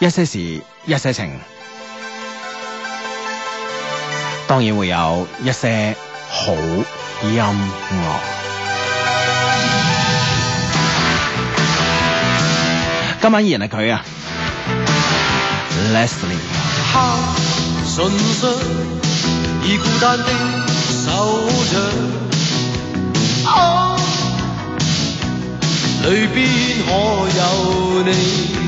一些事，一些情，當然會有一些好音樂。今晚依然係佢啊 ，Leslie。孤單的裡邊可有你。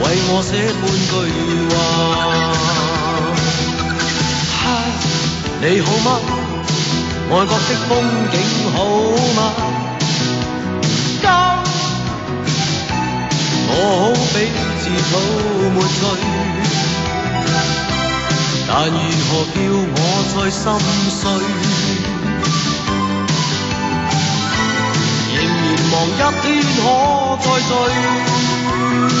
為我寫半句話。哈、哎，你好嗎？外國的風景好嗎？今更我好比自討沒趣，但如何叫我再心碎？仍然望一天可再聚。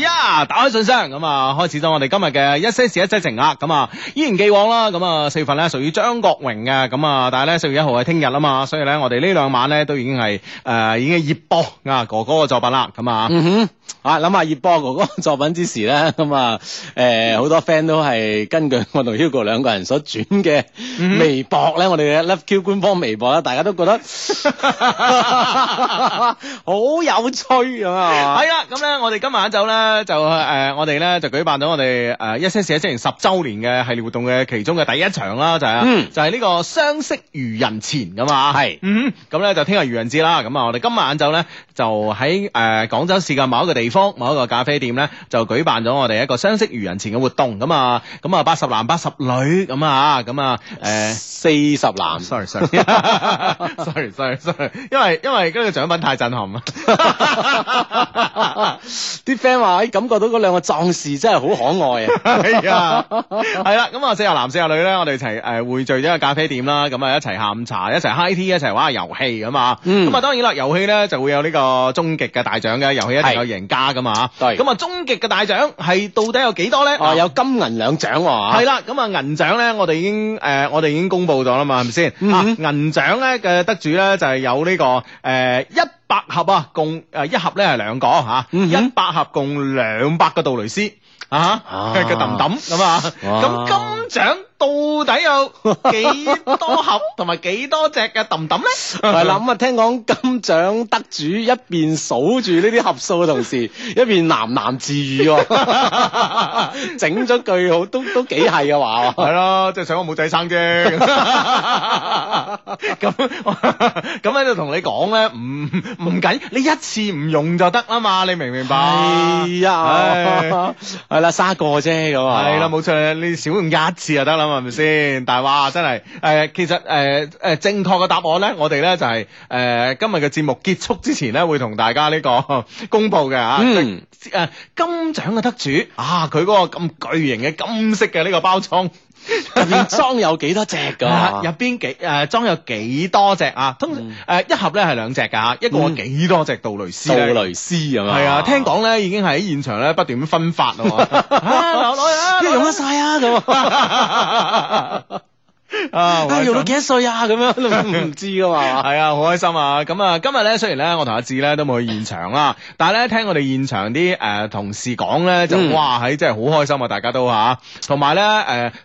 呀！Yeah, 打開信箱，咁啊開始咗我哋今日嘅一些事一些情啊！咁啊，依然既往啦。咁啊，四月份咧屬於張國榮嘅。咁啊，但係咧四月一號係聽日啊嘛，所以咧我哋呢兩晚咧都已經係誒、呃、已經熱播啊哥哥嘅作品啦。咁啊。Mm hmm. 啊諗下葉波哥哥作品之時咧，咁、嗯、啊，誒好、嗯、多 friend 都係根據我同 Hugo 兩個人所轉嘅微博咧，嗯、我哋嘅 Love Q 官方微博咧，大家都覺得 好有趣，啊，係啦，咁咧我哋今日晏晝咧就誒，我哋咧就,、呃、就舉辦咗我哋誒、呃、一些事一些情十周年嘅系列活動嘅其中嘅第一場啦，就係、是，啊，就係呢個相識於人前噶嘛，係，咁咧就聽日愚人節啦，咁啊我哋今日晏晝咧就喺誒廣州市嘅某,某,某,某,某,某,某,某一個。地方某一個咖啡店咧，就舉辦咗我哋一個相識於人前嘅活動。咁啊，咁啊八十男八十女咁啊，咁啊，誒四十男。sorry，sorry，sorry，sorry，sorry sorry. sorry, sorry, sorry. 因為因為嗰個獎品太震撼啦。啲 friend 話，感覺到嗰兩個壯士真係好可愛啊！係 啊，係啦。咁啊，四十男四十女咧，我哋一齊誒匯聚咗個咖啡店啦。咁啊，一齊下午茶，一齊 high tea，一,一齊玩下遊戲啊嘛。咁啊，mm. 當然啦，遊戲咧就會有呢個終極嘅大獎嘅遊戲一定要贏。 加噶嘛嚇，咁啊，終極嘅大獎係到底有幾多咧？啊，有金銀兩獎喎嚇，係啦，咁啊銀獎咧，我哋已經誒，我哋已經公佈咗啦嘛，係咪先？銀獎咧嘅得主咧，就係有呢個誒一百盒啊，共誒一盒咧係兩個嚇，一百盒共兩百個杜蕾斯啊嘅抌抌咁啊，咁金獎。底有幾多盒同埋幾多隻嘅揼揼咧？係啦咁啊！聽講金獎得主一邊數住呢啲盒數嘅同時，一邊喃喃自語，整咗句好都都幾係嘅話，係咯，即係想我冇仔生啫。咁咁喺度同你講咧，唔唔緊，你一次唔用就得啦嘛，你明唔明白？係一係啦，生一個啫咁啊，係啦，冇錯，你少用一次就得啦，係咪先？但係哇，真係誒、呃，其實誒誒、呃，正確嘅答案咧，我哋咧就係、是、誒、呃，今日嘅節目結束之前咧，會同大家呢個公佈嘅吓，嗯，誒、啊、金獎嘅得主啊，佢嗰個咁巨型嘅金色嘅呢個包裝。入邊裝有幾多隻噶、啊？入邊幾誒裝有幾多隻啊？通常誒一盒咧係兩隻噶吓，一共幾多隻杜蕾斯杜蕾斯咁樣係啊，聽講咧已經係喺現場咧不斷咁分發咯。啊，攞 啊，一用得晒啊咁。啊！阿楊到幾多歲啊？咁樣都唔知噶嘛，係啊，好開心啊！咁啊，今日咧雖然咧我同阿志咧都冇去現場啦，但係咧聽我哋現場啲誒同事講咧，就哇喺真係好開心啊！大家都吓，同埋咧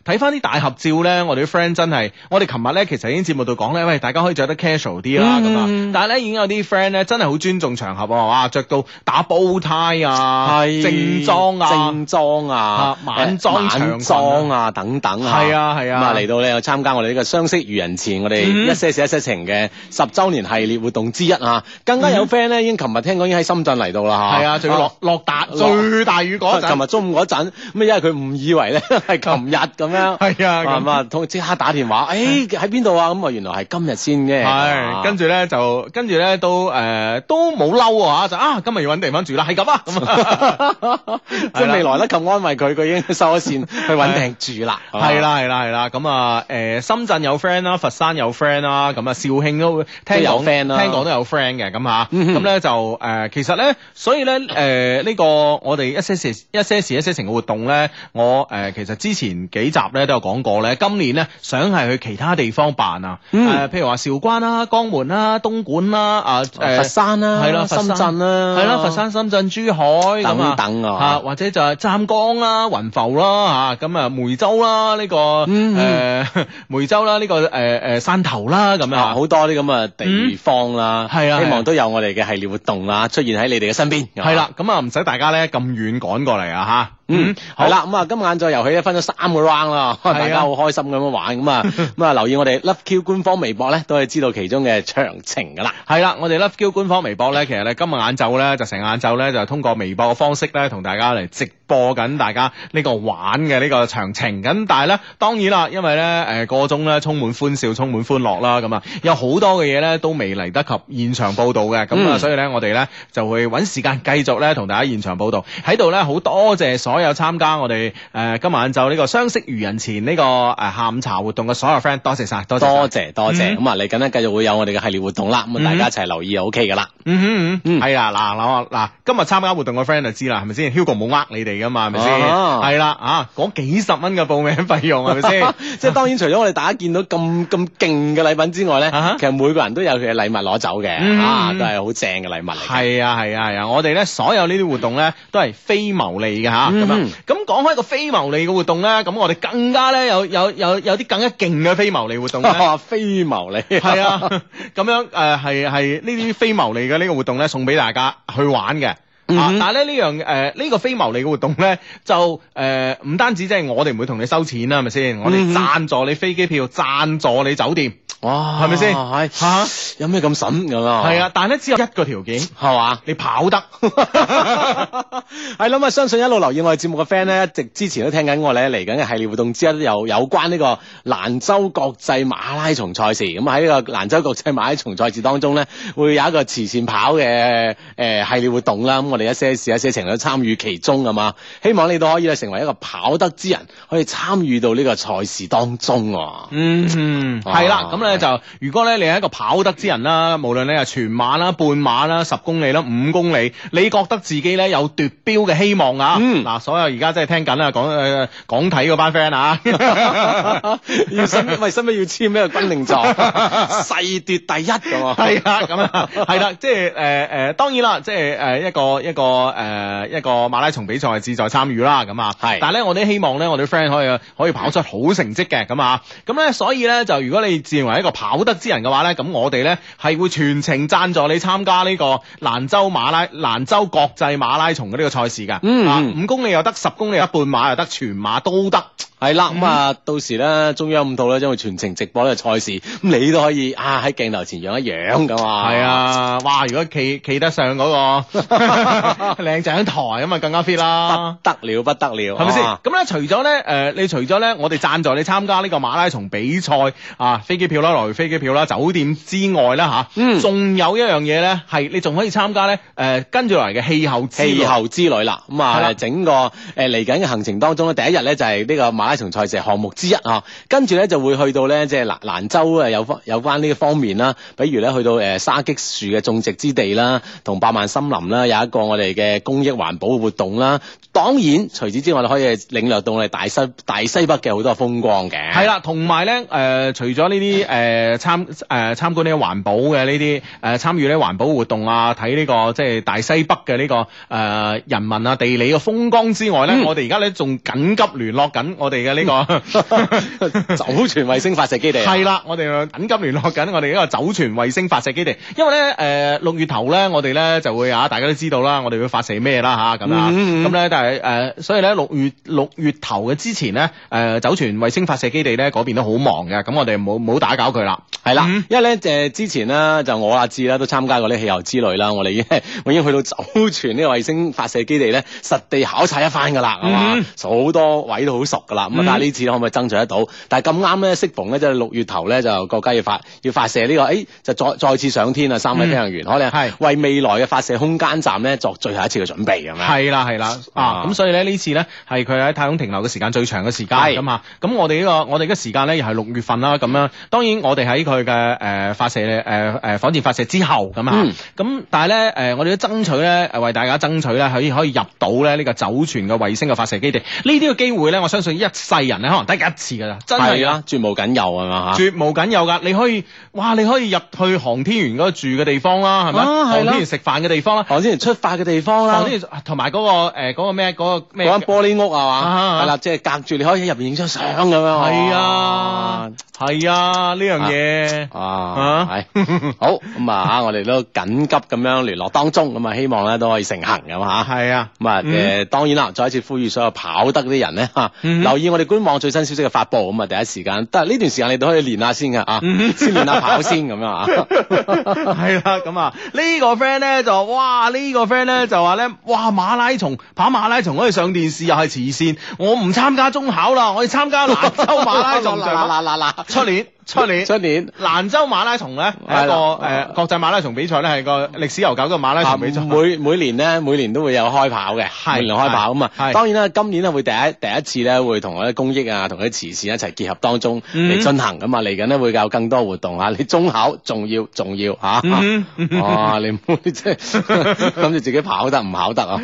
誒睇翻啲大合照咧，我哋啲 friend 真係，我哋琴日咧其實已經節目度講咧，喂大家可以着得 casual 啲啦咁啊，但係咧已經有啲 friend 咧真係好尊重場合啊，哇着到打煲呔 a t i 啊，正裝啊，正裝啊，晚裝啊，等等啊，係啊係啊，嚟到咧參加我哋呢個相識於人前，我哋一些事一些情嘅十周年系列活動之一啊！更加有 friend 咧，已經琴日聽講已經喺深圳嚟到啦嚇。係啊，仲要落落大最大雨嗰陣，琴日中午嗰陣，因為佢誤以為咧係琴日咁樣，係啊咁啊，同即刻打電話，誒喺邊度啊？咁啊，原來係今日先嘅。係，跟住咧就跟住咧都誒都冇嬲啊！就啊，今日要揾地方住啦，係咁啊，即係未來咧咁安慰佢，佢已經收咗線去揾地方住啦。係啦，係啦，係啦，咁啊誒。誒深圳有 friend 啦，佛山有 friend 啦，咁啊肇慶都會聽有 friend，啦，聽講都有 friend 嘅，咁吓、嗯哼，咁咧就誒其實咧，所以咧誒呢、呃這個我哋一些事、一些事、一些情嘅活動咧，我誒、呃、其實之前幾集咧都有講過咧，今年咧想係去其他地方辦啊，誒、嗯呃、譬如話韶關啦、啊、江門啦、啊、東莞、啊呃啊、啦、啊誒佛山啦、係啦、深圳啦、係啦、佛山、深圳、珠海等等啊，等等啊或者就係湛江啦、雲浮啦、啊、嚇，咁啊、嗯、梅州啦、啊、呢、這個誒。嗯嗯 梅州啦，呢、這個誒誒汕頭啦，咁樣好、啊、多啲咁嘅地方啦，係、嗯、啊，希望都有我哋嘅系列活動啦，出現喺你哋嘅身邊。係啦、哦，咁啊唔使大家咧咁遠趕過嚟啊吓。嗯，係啦，咁啊，今日晏晝遊戲咧，分咗三個 round 啦，大家好開心咁樣玩，咁啊、 嗯，咁、嗯、啊，留意我哋 LoveQ 官方微博咧，都係知道其中嘅詳情噶啦。係啦、啊，我哋 LoveQ 官方微博咧，其實咧今日晏晝咧，就成晏晝咧，就通過微博嘅方式咧，同大家嚟直播緊大家呢個玩嘅呢個詳情。咁但係咧，當然啦，因為咧誒個中咧充滿歡笑，充滿歡樂啦，咁啊，有好多嘅嘢咧都未嚟得及現場報導嘅，咁啊、嗯，所以咧我哋咧就會揾時間繼續咧同大家現場報導。喺度咧好多謝所有參加我哋誒今晚就呢個相識於人前呢個誒下午茶活動嘅所有 friend，多謝晒，多謝多謝多謝咁啊！嚟緊咧繼續會有我哋嘅系列活動啦，咁啊大家一齊留意就 O K 嘅啦。嗯哼，係啊，嗱嗱嗱，今日參加活動嘅 friend 就知啦，係咪先？Hugo 冇呃你哋噶嘛，係咪先？係啦，啊，嗰幾十蚊嘅報名費用係咪先？即係當然除咗我哋大家見到咁咁勁嘅禮品之外咧，其實每個人都有佢嘅禮物攞走嘅嚇，都係好正嘅禮物嚟，係啊，係啊，係啊，我哋咧所有呢啲活動咧都係非牟利嘅嚇。咁講開個非牟利嘅活動呢，咁我哋更加呢，有有有有啲更加勁嘅非牟利活動咧。 非牟毛利係 啊，咁樣誒係係呢啲非牟利嘅呢個活動呢，送俾大家去玩嘅、mm hmm. 啊。但係咧呢樣誒呢、呃呢個非牟利嘅活動呢，就誒唔、呃、單止即係我哋唔會同你收錢啦，係咪先？我哋贊助你飛機票，贊、mm hmm. 助你酒店。哇，係咪先吓？有咩咁神咁？啊係啊，但係咧只有一個條件，係嘛？你跑得係啦。啊，相信一路留意我哋節目嘅 friend 咧，一直之前都聽緊我哋嚟緊嘅系列活動之一，有有關呢個蘭州國際馬拉松賽事。咁喺呢個蘭州國際馬拉松賽事當中咧，會有一個慈善跑嘅誒系列活動啦。咁我哋一些事、一些情都參與其中，啊嘛？希望你都可以咧成為一個跑得之人，可以參與到呢個賽事當中。嗯，係啦，咁咧。就，如果咧你係一個跑得之人啦，無論你係全馬啦、半馬啦、十公里啦、五公里，你覺得自己咧有奪標嘅希望啊？嗯。嗱，所有而家即係聽緊啦，講誒港體嗰班 friend 啊，要、呃、申，喂、呃，申唔要簽咩軍令狀，勢奪第一㗎嘛？係啊，咁啊，係啦，即係誒誒當然啦，即係誒一個一個誒、呃、一個馬拉松比賽係志在參與啦，咁啊。係的，但係咧，我哋希望咧，我哋啲 friend 可以可以跑出好成績嘅，咁啊。咁咧，所以咧就，如果你自認為。呢個跑得之人嘅話咧，咁我哋咧係會全程贊助你參加呢個蘭州馬拉蘭州國際馬拉松嘅呢個賽事噶。嗯，啊，五公里又得，十公里又得，半馬又得，全馬都得。係啦，咁啊，到時咧中央五套咧將會全程直播呢個賽事，咁你都可以啊喺鏡頭前樣一樣噶嘛。係啊，哇！如果企企得上嗰、那個領獎 台咁啊，更加 fit 啦。不得了，不得了，係咪先？咁咧、啊，除咗咧誒，你除咗咧，我哋贊助你參加呢個馬拉松比賽啊，飛機票啦，來回飛機票啦，酒店之外啦吓，仲、啊嗯、有一樣嘢咧，係你仲可以參加咧誒、呃，跟住落嚟嘅氣候氣候之旅啦。咁啊，吧整個誒嚟緊嘅行程當中咧，第一日咧就係呢個馬。嘉松賽事項目之一啊，跟住咧就會去到咧即係蘭蘭州啊，有方有關呢個方面啦，比如咧去到誒、呃、沙棘樹嘅種植之地啦，同、啊、百萬森林啦、啊，有一個我哋嘅公益環保活動啦、啊。當然除此之外，你可以領略到我哋大西，大西，大，西大西北嘅好多風光嘅。係啦、啊，同埋咧誒，除咗呢啲誒參誒、呃、參觀啲環保嘅呢啲誒參與啲環保活動啊，睇呢、這個即係大西北嘅呢、這個誒、呃、人民啊、地理嘅風光之外咧，我哋而家咧仲緊急聯絡緊我哋。嗯嘅呢個酒泉衛星發射基地係、啊、啦， 我哋緊急聯絡緊我哋呢個酒泉衛星發射基地，因為咧誒六月頭咧，我哋咧就會啊，大家都知道啦，我哋會發射咩啦嚇咁啊，咁咧、啊、但係誒、呃，所以咧六月六月頭嘅之前咧誒酒泉衛星發射基地咧嗰邊都好忙嘅，咁我哋唔好打攪佢啦，係啦 了，嗯、因為咧誒之前咧就我阿志啦都參加過啲氣球之旅啦，我哋已經 我已經去到酒泉呢個衛星發射基地咧實地考察一番㗎啦，哇、嗯，好 多位都好熟㗎啦～咁啊！呢、嗯、次可唔可以爭取得到？但係咁啱咧，適逢咧，即係六月頭咧，就國家要發要發射呢、這個，誒、哎，就再再次上天啊！三位飛行員、嗯、可能係為未來嘅發射空間站咧作最後一次嘅準備咁樣。係啦，係啦，啊！咁、嗯、所以咧，呢次咧係佢喺太空停留嘅時間最長嘅時間咁嚇。咁的我哋呢、這個，我哋嘅時間咧又係六月份啦。咁樣當然我哋喺佢嘅誒發射咧，誒火箭發射之後咁嚇。咁、嗯、但係咧，誒我哋都爭取咧，為大家爭取咧，可以可以入到咧呢個酒泉嘅衛星嘅發射基地。呢啲嘅機會咧，我相信一世人咧可能得一次噶啦，真係啦，絕無僅有係嘛嚇，絕無僅有噶，你可以哇，你可以入去航天員嗰住嘅地方啦，係咪？航天員食飯嘅地方啦，航天員出發嘅地方啦，同埋嗰個誒嗰個咩嗰個咩？嗰個玻璃屋係嘛？係啦，即係隔住你可以入邊影張相咁樣。係啊係啊，呢樣嘢啊係好咁啊，我哋都緊急咁樣聯絡當中咁啊，希望咧都可以成行咁嚇。係啊咁啊誒，當然啦，再一次呼籲所有跑得嗰啲人咧嚇，留意。以我哋官網最新消息嘅發布咁啊，第一時間，得係呢段時間你都可以練下先噶啊， 先練下跑先咁樣啊。係啦，咁啊，呢個 friend 咧就哇，呢個 friend 咧就話咧，哇，馬拉松跑馬拉松可以上電視又係慈善，我唔參加中考啦，我要參加蘭州馬拉松，嗱嗱嗱嗱，出 年。出年出年蘭州馬拉松咧係個誒國際馬拉松比賽咧係個歷史悠久嘅馬拉松比賽，每每年咧每年都會有開跑嘅，每年開跑咁啊！當然啦，今年咧會第一第一次咧會同嗰啲公益啊、同嗰啲慈善一齊結合當中嚟進行咁啊！嚟緊咧會有更多活動嚇，你中考重要重要嚇，哇！你唔會即係諗住自己跑得唔跑得啊？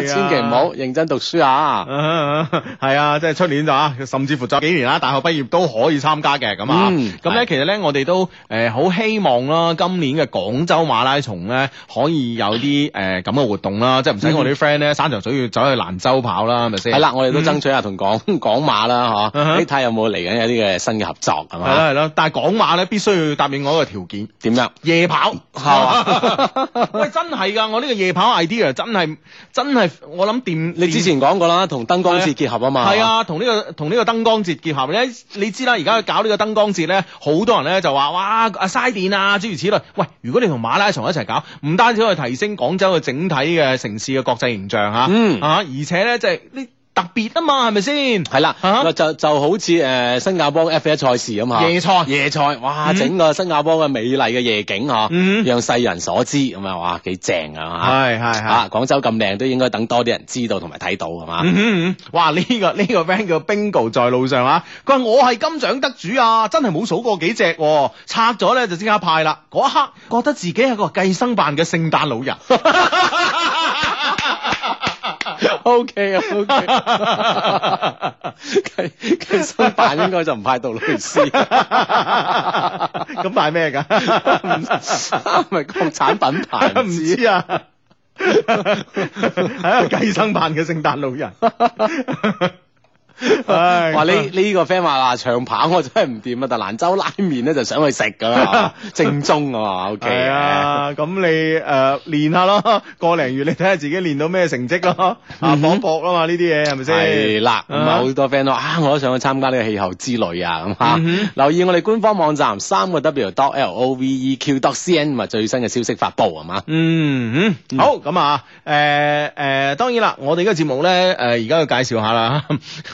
千祈唔好認真讀書啊！係啊，即係出年就啊，甚至乎再幾年啦，大學畢業都可以參加嘅咁啊！咁咧，其實咧，我哋都誒好希望啦，今年嘅廣州馬拉松咧，可以有啲誒咁嘅活動啦，即係唔使我啲 friend 咧山頭水要走去蘭州跑啦，係咪先？係啦，我哋都爭取下同廣廣馬啦，嚇，睇下有冇嚟緊有啲嘅新嘅合作係嘛？係咯係咯，但係廣馬咧必須要答應我一個條件，點呀？夜跑係嘛？喂，真係㗎，我呢個夜跑 idea 真係真係我諗掂。你之前講過啦，同燈光節結合啊嘛？係啊，同呢個同呢個燈光節結合，你你知啦，而家搞呢個燈光節。咧好多人咧就話，哇啊，嘥電啊，諸如此類。喂，如果你同馬拉松一齊搞，唔單止可以提升廣州嘅整體嘅城市嘅國際形象吓。嗯，啊，而且咧即係呢。就是特別啊嘛，係咪先？係啦、啊啊，就就好似誒、呃、新加坡 F1 賽事咁嘛、啊，夜賽菜夜賽，哇，嗯、整個新加坡嘅美麗嘅夜景嗬、啊，嗯、讓世人所知咁啊，哇，幾正啊吓！係係吓，廣、啊嗯、州咁靚都應該等多啲人知道同埋睇到係嘛、嗯嗯嗯，哇！呢、這個呢、這個 friend 叫 Bingo 在路上啊，佢話我係金獎得主啊，真係冇數過幾隻、啊，拆咗咧就即刻派啦，嗰一刻覺得自己係個計生辦嘅聖誕老人。 O K 啊，OK，計計生辦應該就唔派杜蕾斯，咁派咩㗎？唔係國產品牌，唔知啊，係啊，計生辦嘅聖誕老人。唉，話呢呢個 friend 話長跑我真係唔掂啊，但蘭州拉麵咧就想去食噶啦，正宗啊嘛，OK 啊，咁你誒練下咯，個零月你睇下自己練到咩成績咯，搏搏啊嘛，呢啲嘢係咪先係啦？咁啊好多 friend 都啊，我都想去參加呢個氣候之旅啊咁吓，留意我哋官方網站三個 W dot L O V E Q dot C N 咪最新嘅消息發布係嘛？嗯，好，咁啊，誒誒，當然啦，我哋呢個節目咧誒而家要介紹下啦，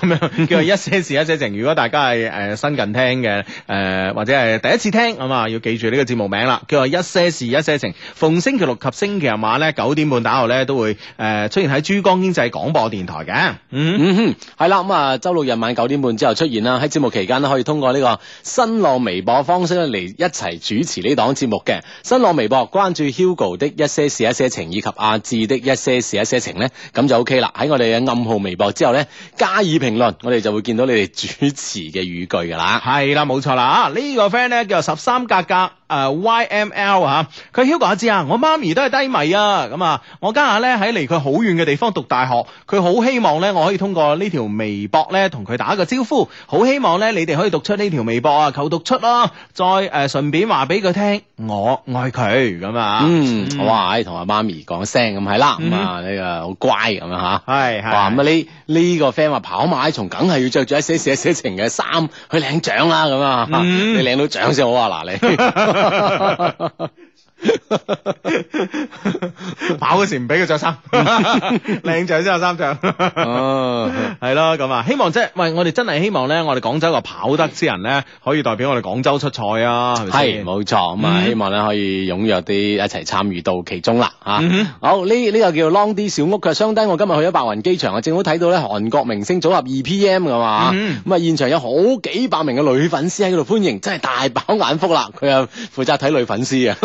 咁 叫做一《一些事一些情》，如果大家係誒、呃、新近聽嘅誒，或者係第一次聽，咁啊要記住呢個節目名啦。叫做一《一些事一些情》，逢星期六及星期日晚咧九點半打後咧都會誒、呃、出現喺珠江經濟廣播電台嘅。嗯嗯哼，係啦，咁、嗯、啊周六日晚九點半之後出現啦，喺節目期間呢，可以通過呢個新浪微博方式嚟一齊主持呢檔節目嘅。新浪微博關注 Hugo 的一些事一些情，以及阿志的一些事一些情咧，咁就 OK 啦。喺我哋嘅暗號微博之後咧，加以評論。我哋就會見到你哋主持嘅語句㗎啦，係、這、啦、個，冇錯啦啊！呢個 friend 咧叫十三格格誒 YML 嚇，佢 Hugo 子啊，我媽咪都係低迷啊，咁、嗯、啊，我家下咧喺離佢好遠嘅地方讀大學，佢好希望咧我可以通過呢條微博咧同佢打個招呼，好希望咧你哋可以讀出呢條微博啊，求讀出咯，再誒、呃、順便話俾佢聽，我愛佢咁啊，嗯，好、嗯嗯嗯、啊，同阿媽咪講聲咁係啦，咁啊呢個好乖咁樣嚇，係係，咁啊呢呢個 friend 話跑埋。仲梗係要着住一些事一些情嘅衫去領獎啦，咁啊，嗯、 你領到獎先，好啊嗱你。 跑嘅時唔俾佢着衫，靚仔先有三着。 哦，係 咯咁啊！希望即係，喂，我哋真係希望咧，我哋廣州個跑得之人咧，可以代表我哋廣州出賽啊！係冇錯，咁啊，嗯嗯、希望咧可以踴躍啲，一齊參與到其中啦！吓、啊，嗯、好呢呢、這個這個叫 long 啲小屋，嘅相低我今日去咗白雲機場啊，正好睇到咧韓國明星組合二 PM 噶嘛，咁啊、嗯嗯、現場有好幾百名嘅女粉絲喺度歡迎，真係大飽眼福啦！佢又負責睇女粉絲啊。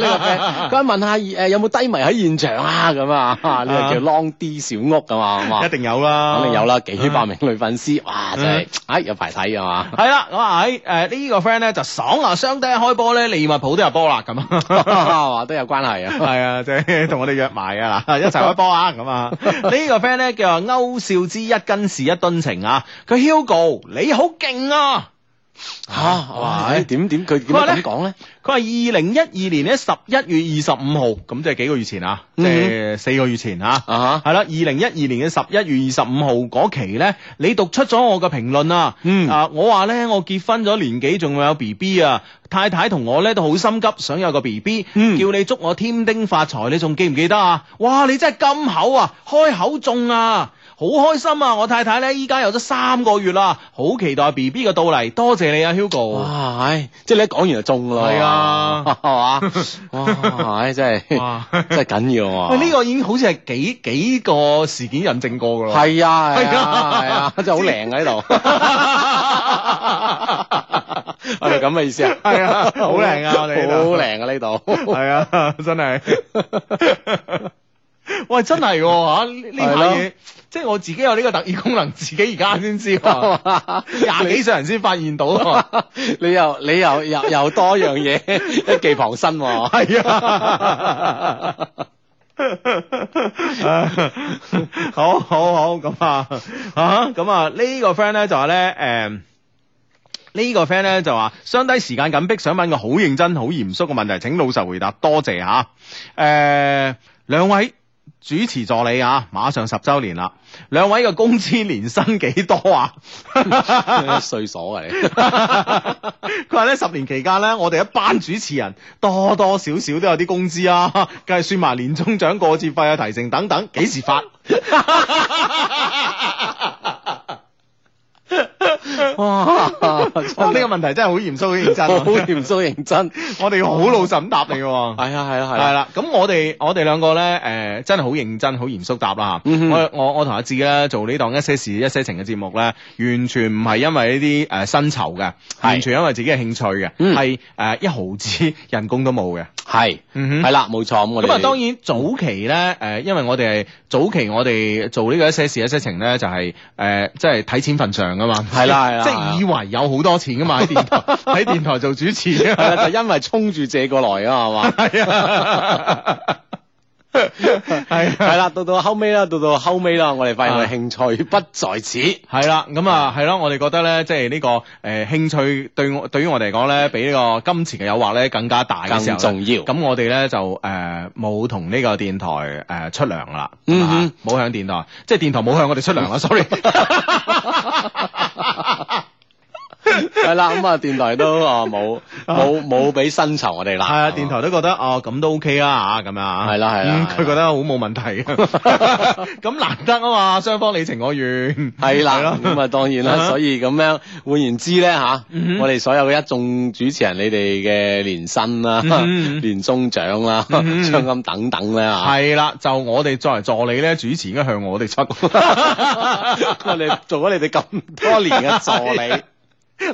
呢個 friend，咁問下誒有冇低迷喺現場啊？咁啊，呢個叫 Long D 小屋㗎嘛，一定有啦，肯定有啦，幾百名女粉絲，哇，真、就、係、是，唉、 啊啊，有排睇啊嘛。係 啦，咁、呃、啊，誒、這、呢個 friend 咧就爽，爽啊，雙低、啊、開波咧，利物浦都有波啦，咁啊，都有關係啊。係、 就是、啊，即係同我哋約埋啊，一齊開波啊，咁啊，呢個 friend 咧叫歐少之一些事一些情啊，佢 Hugo 你好勁啊！吓，係咪點點佢點講咧？佢話二零一二年咧十一月二十五號，咁即係幾個月前啊，mm hmm. 即係四個月前啊，係啦、uh，二零一二年嘅十一月二十五號嗰期咧，你讀出咗我嘅評論啊，嗯，mm. 啊，我話咧我結婚咗年幾，仲有 B B 啊，太太同我咧都好心急，想有個 B B，mm. 叫你祝我添丁發財，你仲記唔記得啊？哇，你真係咁口啊，開口中啊！好開心啊！我太太咧依家有咗三個月啦，好期待 B B 嘅到嚟。多謝你啊，Hugo。哇，唉，即係你一講完就中咯。係啊，係嘛？哇，唉真係真係緊要啊！呢個已經好似係幾幾個事件印證過噶咯。係啊，係啊，係啊，真係好靚啊呢度。係咁嘅意思啊？係啊，好靚啊！我哋好靚啊呢度。係啊，真係。喂，真係吓呢下即係我自己有呢個特異功能，自己而家先知，廿幾歲人先發現到。 你又你又又又多樣嘢，一技傍身。係 啊，好好好咁啊啊咁啊！啊啊啊這個、呢，呢、嗯這個 friend 咧就話咧誒，呢個 friend 咧就話，相低時間緊逼，想問個好認真、好嚴肅嘅問題，請老實回答，多謝嚇。誒、啊，兩位。主持助理啊，馬上十周年啦！兩位嘅工資年薪幾多啊？稅所謂，佢話咧十年期間咧，我哋一班主持人多多少少都有啲工資啊，計算埋年終獎過節費啊、提成等等，幾時發？ 哇！呢個的問題真係好嚴肅、好認真、好嚴肅、認真。 我哋好老實咁答你嘅。係啊，係啊，係、啊。係啦、啊，咁、啊啊啊、我哋我哋兩個咧，誒、呃，真係好認真、好嚴肅答啦吓、嗯哼。我我我同阿志咧做呢檔一些事、一些情嘅節目咧，完全唔係因為呢啲誒薪酬嘅，完全因為自己嘅興趣嘅，係誒是、嗯呃、一毫子人工都冇嘅。係，係啦是，冇錯咁。咁啊，我哋當然早期咧，誒、呃，因為我哋係早期我哋做呢個一些事一些情咧，就係誒，即係睇錢份上噶嘛。係啦，係啦，即係以為有好多錢噶嘛，喺電喺 電台做主持， 就係，因為衝住借過來啊，係嘛。 係係啦，到到後尾啦，到到後尾啦，我哋發現、啊、興趣不在此。係啦，咁啊係咯，我哋覺得咧，即係呢、這個誒、呃、興趣對我對於我哋嚟講咧，比呢個金錢嘅誘惑咧更加大嘅時候。更重要。咁我哋咧就誒冇同呢個電台誒、呃、出糧啦。嗯冇、嗯、向電台，即係電台冇向我哋出糧啦。嗯、Sorry。 係啦，咁啊電台都啊冇冇冇俾薪酬我哋啦。係啊，電台都覺得啊咁都 O K 啦吓，咁樣啊。係啦，係啦，佢覺得好冇問題嘅。咁難得啊嘛，雙方你情我願。係啦，咁啊當然啦，所以咁樣換言之咧吓，我哋所有嘅一眾主持人，你哋嘅年薪啦、年終獎啦、獎金等等咧吓。係啦，就我哋作為助理咧，主持應該向我哋出，我哋做咗你哋咁多年嘅助理。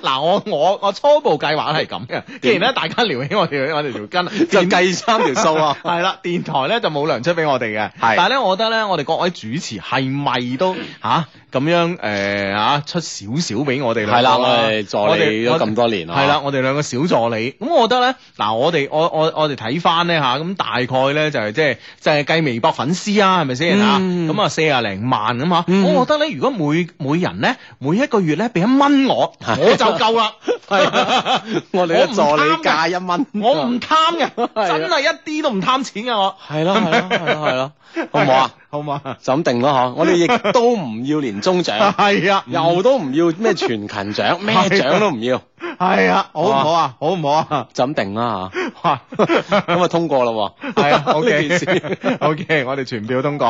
嗱，我我我初步計劃係咁嘅。既然咧大家撩起我哋我，我條筋， 就計三條數啊。係 啦， 電台咧就冇糧出俾我哋嘅。係的，但係咧，我覺得咧，我哋各位主持係咪都嚇咁、啊、樣誒嚇、呃、出少少俾我哋、啊？係啦、啊，我哋助理都咁多年啦。係啦，我哋兩個小助理。咁 我，我覺得咧，嗱、啊，我哋我我我哋睇翻咧嚇咁大概咧就係即係即係計微博粉絲啊，係咪先啊？咁啊、嗯、四廿零萬啊嘛。嗯、我覺得咧，如果每每人咧每一個月咧俾一蚊我。 就夠啦，我哋一助理加一蚊，我唔貪嘅，真係一啲都唔貪錢嘅我。係咯，係咯，係咯，係咯，好唔好啊？好唔好？就咁定咯嗬，我哋亦都唔要年終獎，係啊，又都唔要咩全勤獎，咩獎都唔要，係啊，好唔好啊？好唔好啊？就定啦嚇，咁啊通過啦喎，係啊，呢件事，OK，我哋全票通過。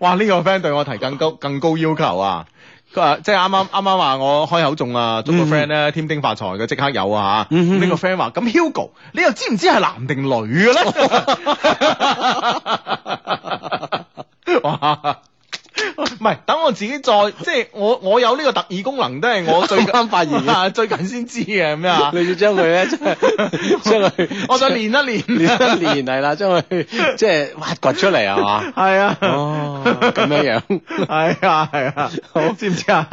哇，呢個 friend 對我提更高更高要求啊！即係啱啱啱啱話我開口中，中、嗯、哼啊，中、嗯、哼個 friend 咧添丁發財嘅即刻有啊。吓呢個 friend 話咁 Hugo，你又知唔知係男定女嘅咧？ 哇。唔係，等我自己再即係我我有呢個特異功能，都係我最近最發現嘅，啊，最近先知嘅咩啊？你要將佢咧，將佢，我想練一練，練一練係啦，將佢即係挖掘出嚟係嘛？係啊。哦，咁樣樣，係啊，係啊，好知唔知啊？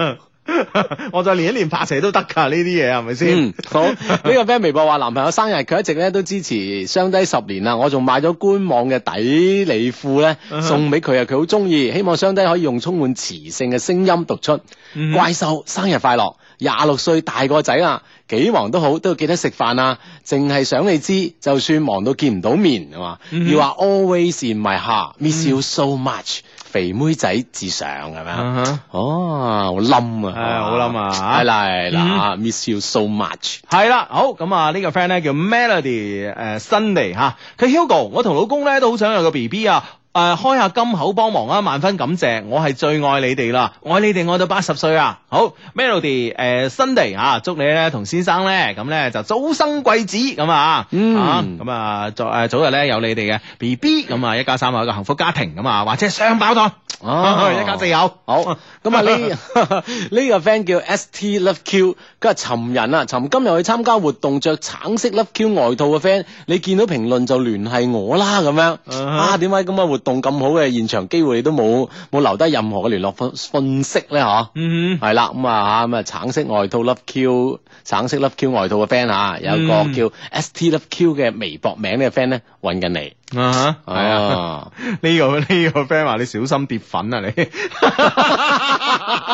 我就連一年拍斜都得噶，呢啲嘢係咪先？是是嗯，好。呢，這個咩？ 微博話男朋友生日，佢一直咧都支持雙低十年啦。我仲買咗官網嘅底里褲呢，送俾佢啊，佢好中意。希望雙低可以用充滿磁性嘅聲音讀出、嗯、怪獸生日快樂。廿六歲大個仔啦，幾忙都好都要記得食飯啊。淨係想你知，就算忙到見唔到面係嘛。嗯、要話 always 唔係下 miss you so much。嗯肥妹仔至上係咪啊？哦，好冧啊，好冧啊！係啦，係啦，miss you so much。係啦，好咁啊，呢個 friend 咧叫 Melody，誒 Sunny 嚇，佢 Hugo，我同老公咧都好想有個 B B 啊。誒，開下金口幫忙啊，萬分感謝，我係最愛你哋啦，愛你哋愛到八十歲啊！好，Melody，誒，Sunday 啊，祝你咧同先生咧，咁咧就早生貴子咁啊，啊，咁啊，早誒，早日咧有你哋嘅 B B，咁啊，一家三口個幸福家庭咁啊，或者雙胞胎，啊，一家四口，好，咁啊呢呢個 friend 叫 S T Love Q，佢話尋人啊，尋今日去參加活動着橙色 Love Q 外套嘅 friend，你見到評論就聯繫我啦，咁樣啊，點解咁嘅活？動咁好嘅現場機會，你都冇冇留低任何嘅聯絡訊訊息咧、啊 mm hmm.？嗯，係啦，咁啊吓，咁啊橙色外套 love q，橙色 love q 外套嘅 friend 吓、啊，有個叫 s t love q 嘅微博名呢嘅 friend 咧，搵緊你啊係啊，呢、呢個呢、呢個 friend 話你小心跌粉啊你，係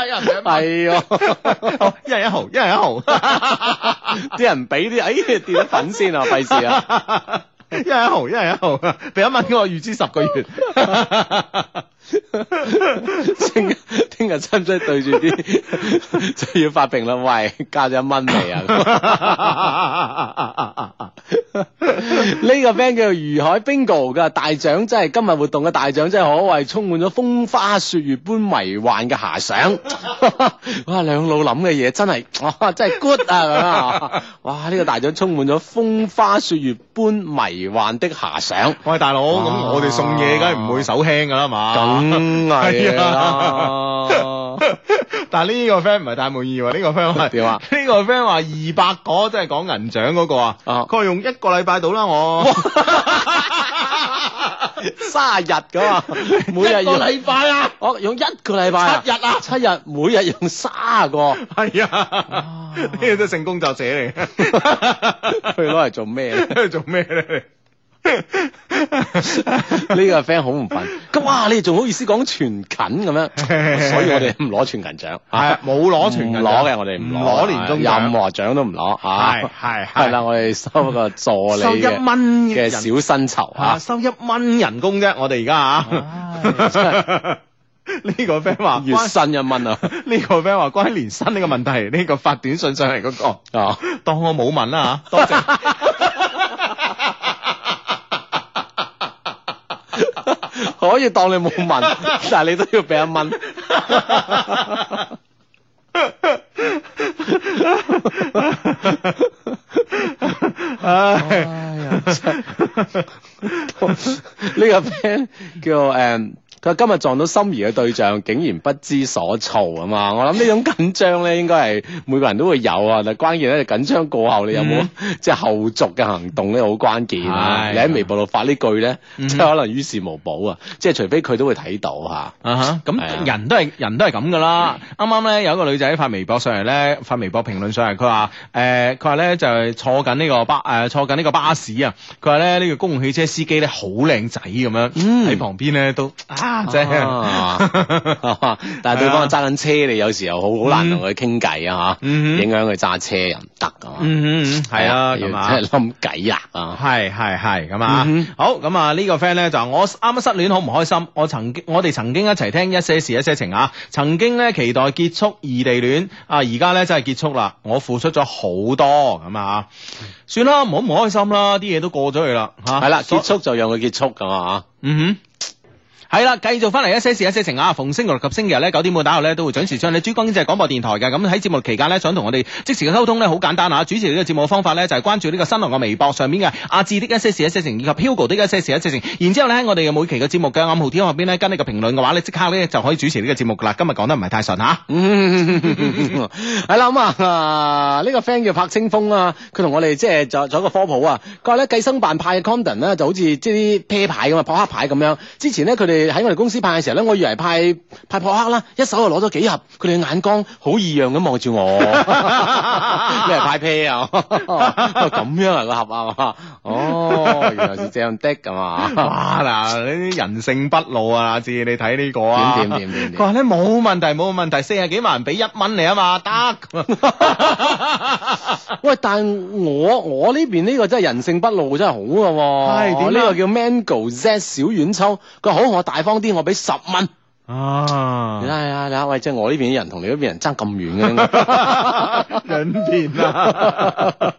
啊！一人一毫，一人一毫，啲 人俾啲，哎跌咗粉先啊，費事啊。一人一毫，一人一毫，俾一蚊叫我預支十個月。聽日聽日使唔使對住啲就要發病啦？喂，加咗一蚊未啊？呢 個 friend 叫如海 bingo 噶，大獎真係今日活動嘅大獎真係可謂充滿咗風花雪月般迷幻嘅遐想。哇，兩老諗嘅嘢真係哇，真係 good 啊！啊，哇，呢個大獎充滿咗風花雪月般迷幻的遐想。 啊，這個、想喂，大佬，咁我哋送嘢梗係唔會手輕噶啦嘛。啊咁係啦，但係呢個 friend 唔係太滿意喎。呢個 friend 話點啊？呢 個 friend 話二百個，即係講銀獎嗰個啊。啊，佢話用一個禮拜到啦，我卅日噶嘛，每日一個禮拜啊，我用一個禮拜，七日啊，七日，每日用卅個，係啊， 啊 呢啲都成功就者嚟，佢攞嚟做咩咧？做咩咧？呢 個 friend 好唔忿，咁，哇你哋仲好意思講全勤咁樣， 所以我哋唔攞全勤獎，係冇攞全勤獎嘅，我哋唔攞攞連任何獎都唔攞，係係係啦，我哋收一個助理嘅小薪酬吓，收一蚊人工啫，我哋而家吓，呢 個 friend 話月薪一蚊啊，呢 個 friend 話關於年薪呢個問題，呢、這個發短信上嚟嗰、那個，哦，當我冇問啦吓，多謝。 可以當你冇問，但係你都要俾一蚊。哎呀！呢個 friend 叫誒。佢話今日撞到心儀嘅對象，竟然不知所措啊嘛！我諗呢種緊張咧，應該係每個人都會有啊。但關鍵咧，緊張過後你有冇、嗯、即係後續嘅行動咧，好關鍵、哎、呀你喺微博度發呢句咧，即、就、係、是、可能於事無補啊！嗯、即係除非佢都會睇到嚇啊嚇。咁人都係人都係咁噶啦。啱啱咧有一個女仔發微博上嚟咧，發微博評論上嚟，佢話誒，佢話咧就係坐緊呢個巴誒、啊，坐緊呢個巴士啊。佢話咧呢個公共汽車司機咧好靚仔咁樣喺旁邊咧都。啊啊即但係對方揸緊車，你有時候好好難同佢傾偈啊，吓，影響佢揸車又唔得噶嘛，係啊，係嘛，諗計啊，係係係咁啊，好咁啊，呢個 friend 咧就我啱啱失戀，好唔開心，我曾經我哋曾經一齊聽一些事一些情啊，曾經咧期待結束異地戀，啊，而家咧真係結束啦，我付出咗好多，咁啊，算啦，唔好唔開心啦，啲嘢都過咗去啦，吓，係啦，結束就讓佢結束咁啊，嗯哼。係啦，繼續翻嚟一些事一些情啊！逢星期六及星期日咧，九點半打後咧都會準時將你珠江經濟廣播電台嘅咁喺節目期間咧，想同我哋即時嘅溝通咧，好簡單啊！主持呢個節目嘅方法咧，就係關注呢個新浪嘅微博上面嘅阿志的《一些事一些情》以及 Pogo 的《一些事一些情》然之後咧，我哋每期嘅節目嘅暗號貼喺後邊跟呢個評論嘅話咧，即刻咧就可以主持呢個節目噶啦。今日講得唔係太順吓、啊。 嗯，係、嗯、啦，咁 啊，呢、這個 friend 叫柏清風啊，佢同我哋即係做做一個科普啊。佢話咧，計生辦派嘅 Condom 咧、啊，就好似即係啤牌咁啊，撲克牌咁樣。之前咧，佢哋。喺我哋公司派嘅時候咧，我以為派派撲克啦，一手就攞咗幾盒，佢哋嘅眼光好異樣咁望住我，咩 派啤啊？咁 樣啊個盒啊嘛？哦，原來是這樣的㗎嘛？哇！嗱，呢啲人性不露啊，次你睇呢、這個啊？點點點點點。佢話咧冇問題冇問題，四十幾萬人俾一蚊你啊嘛，得。 喂，但係我我呢邊呢個真係人性不露真的的、啊，真係好噶。係點呢個叫 Mango Z 小軟抽，佢好我。大方啲，我俾十蚊啊！係 片啊，喂，即係我呢邊啲人同你嗰邊人爭咁遠嘅，人品啊，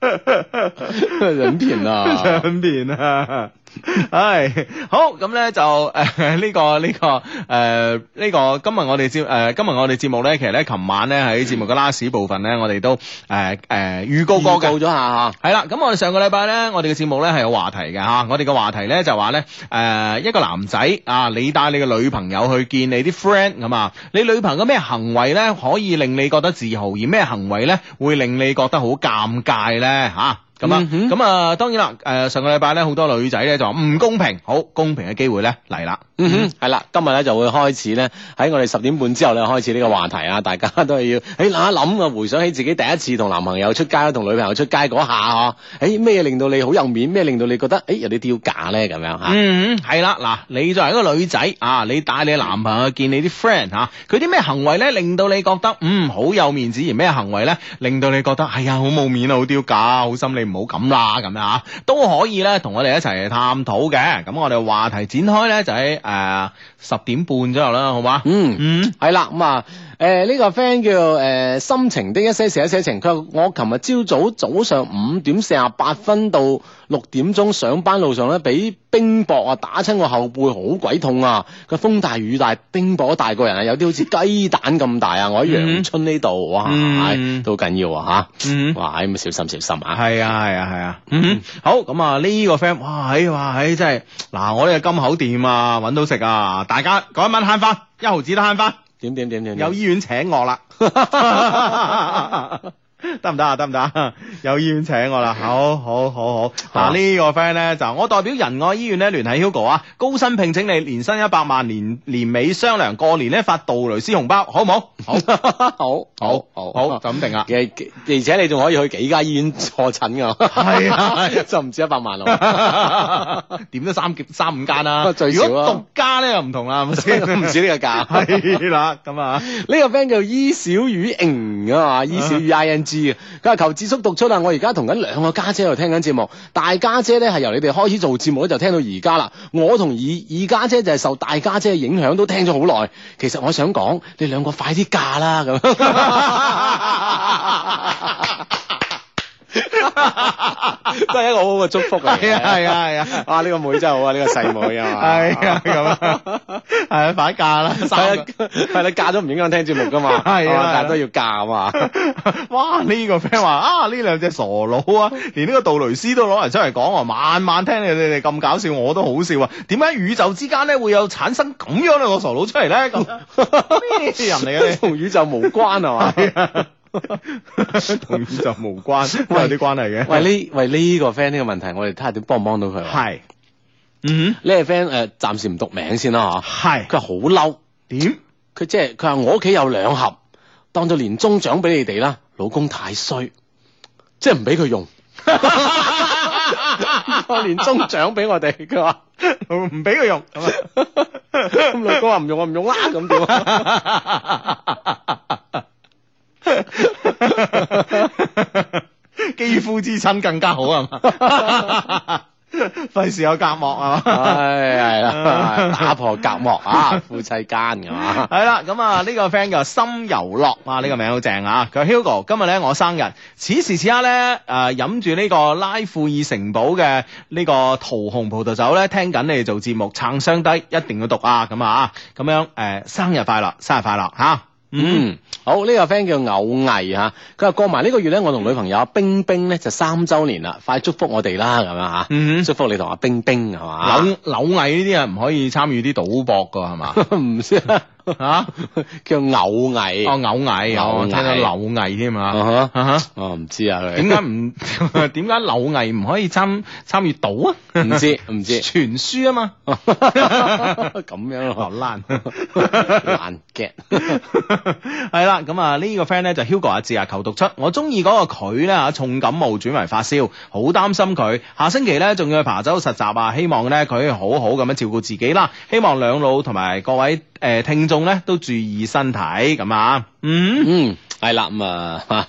人品啊，人品啊！係、 哎、好咁咧就誒呢、呃呢個呢、呢個誒呢、呃呢個今日我哋節誒、呃、今日我哋節目咧其實咧琴晚咧喺節目嘅 last 部分咧我哋都誒誒、呃呃、預告過嘅，預告咗下吓。係啦， 咁我哋上個禮拜咧，我哋嘅節目咧係有話題嘅吓、啊，我哋嘅話題咧就話咧誒一個男仔啊，你帶你嘅女朋友去見你啲 friend 咁啊，你女朋友嘅咩行為咧可以令你覺得自豪，而咩行為咧會令你覺得好尷尬咧吓？啊咁啊，咁啊、嗯，當然啦，誒上個禮拜咧，好多女仔咧就話唔公平，好公平嘅機會咧嚟啦。嗯哼，係啦，今日咧就會開始咧，喺我哋十點半之後咧開始呢個話題啊！大家都係要誒諗、哎、一諗啊，回想起自己第一次同男朋友出街，同女朋友出街嗰下啊，誒、哎、咩令到你好有面？咩令到你覺得誒、哎、有啲丟架咧？咁樣吓，啊、嗯，係啦，嗱，你作為一個女仔啊，你帶你男朋友見你啲 friend 吓、啊，佢啲咩行為咧令到你覺得嗯好有面子？而咩行為咧令到你覺得哎呀，好冇面啊，好丟架，好心你唔好咁啦咁樣吓、啊，都可以咧同我哋一齊探討嘅。咁、啊、我哋話題展開咧就係、是。誒、呃，十點半左右嗎、嗯嗯、啦，好嘛？嗯嗯，係、這、啦、個，咁、呃、啊，誒呢個 friend 叫誒心情的一些事一些情，佢我琴日朝早早上五點四啊八分到六點鐘上班路上咧，俾冰雹啊打親個後背，好鬼痛啊！個風大雨大冰雹大，大、啊、大，個人啊有啲好似雞蛋咁大啊！我喺陽春呢度，哇，都緊、嗯、要啊吓，哇，咁小心小心啊！係啊係啊係啊，啊啊啊嗯，嗯嗯好咁啊呢個 friend，哇嘿哇嘿，真係嗱，我呢個金口店啊，都食啊！大家嗰一晚慳翻，一毫紙都慳翻。點點點點,點有醫院請我啦。 得唔得啊？得唔得？有醫院請我啦，好好好好。嗱、啊啊這個、呢個 friend 咧，就我代表仁愛醫院咧聯繫 Hugo 啊，高薪聘請你，年薪一百萬，年年尾商量過年咧發杜蕾斯紅包，好唔好？好, 好？好好好好好，好好好好就咁定啦。而且你仲可以去幾家醫院坐診噶，係 啊，啊就唔止一百萬咯， 點都三三五啦三五間 啊，最少獨家咧又唔同啦，唔止呢個價。係啦，咁啊，呢 個 friend 叫伊小雨瑩啊嘛，伊小雨 I 啊求智叔讀出啦！我而家同緊兩個家姐喺度聽緊節目，大家姐呢係由你哋開始做節目就聽到而家啦。我同二二家姐，姐就係受大家姐嘅影響都聽咗好耐。其實我想講，你兩個快啲嫁啦咁。 都係一個好好嘅祝福嚟，係啊係啊， 哇呢、這個妹真係好啊，呢、這個細妹啊。係啊咁啊，係啊反嫁啦，係啊， 係你嫁咗唔影響聽節目噶嘛，係啊 但係都要嫁啊嘛。 哇呢、這個 friend 話啊呢兩隻傻佬啊，連呢個杜蕾斯都攞人出嚟講，晚、啊、晚聽你哋咁搞笑，我都好笑啊。點解宇宙之間咧會有產生咁樣兩個傻佬出嚟咧？咁咩人嚟嘅？同宇宙無關啊嘛。 同就無關，有啲關係嘅。喂，呢為呢個 friend 呢個問題，我哋睇下點幫唔幫到佢。係，嗯，呢個 friend 誒，暫時唔讀名先啦吓。係。佢好嬲，點？佢即係佢話我屋企有兩盒，當咗年終獎俾你哋啦。老公太衰，即係唔俾佢用。我年終獎俾我哋，佢話唔俾佢用。咁老公話唔用我唔用啦，咁點啊？ 肌膚之親更加好啊，費事 有隔膜啊，係係啦， 打破隔膜啊， 夫妻間㗎嘛。係啦， 咁啊呢個 friend 叫心遊樂啊，呢、這個名好正啊，佢話 Hugo 今日咧我生日，此時此刻咧誒飲住呢、呃、個拉富爾城堡嘅呢個桃紅葡萄酒咧，聽緊你哋做節目，撐雙低一定要讀啊，咁啊咁樣誒生日快樂，生日快樂吓！生日快樂啊。嗯，mm hmm. 好，呢個 friend 叫柳毅吓，佢話過埋呢個月咧，我同女朋友阿冰冰咧就三周年啦，快祝福我哋啦咁樣吓，嗯，mm hmm. 祝福你同阿冰冰係嘛？柳柳毅呢啲啊唔可以參與啲賭博噶係嘛唔識。 道 吓，叫偶毅，哦偶毅，柳聽到柳毅添啊！我唔知啊佢。點解唔點解柳毅唔可以參參與賭啊？唔知唔知，傳書啊嘛！咁樣落難難 get 係啦。咁啊呢個 friend 咧就 hug 阿志啊求讀出，我中意嗰個佢咧吓，重感冒轉為發燒，好擔心佢。下星期咧仲要去琶洲實習啊，希望咧佢好好咁樣照顧自己啦。希望兩老同埋各位。誒、呃、聽眾咧都注意身體咁啊，嗯嗯。係啦，咁啊，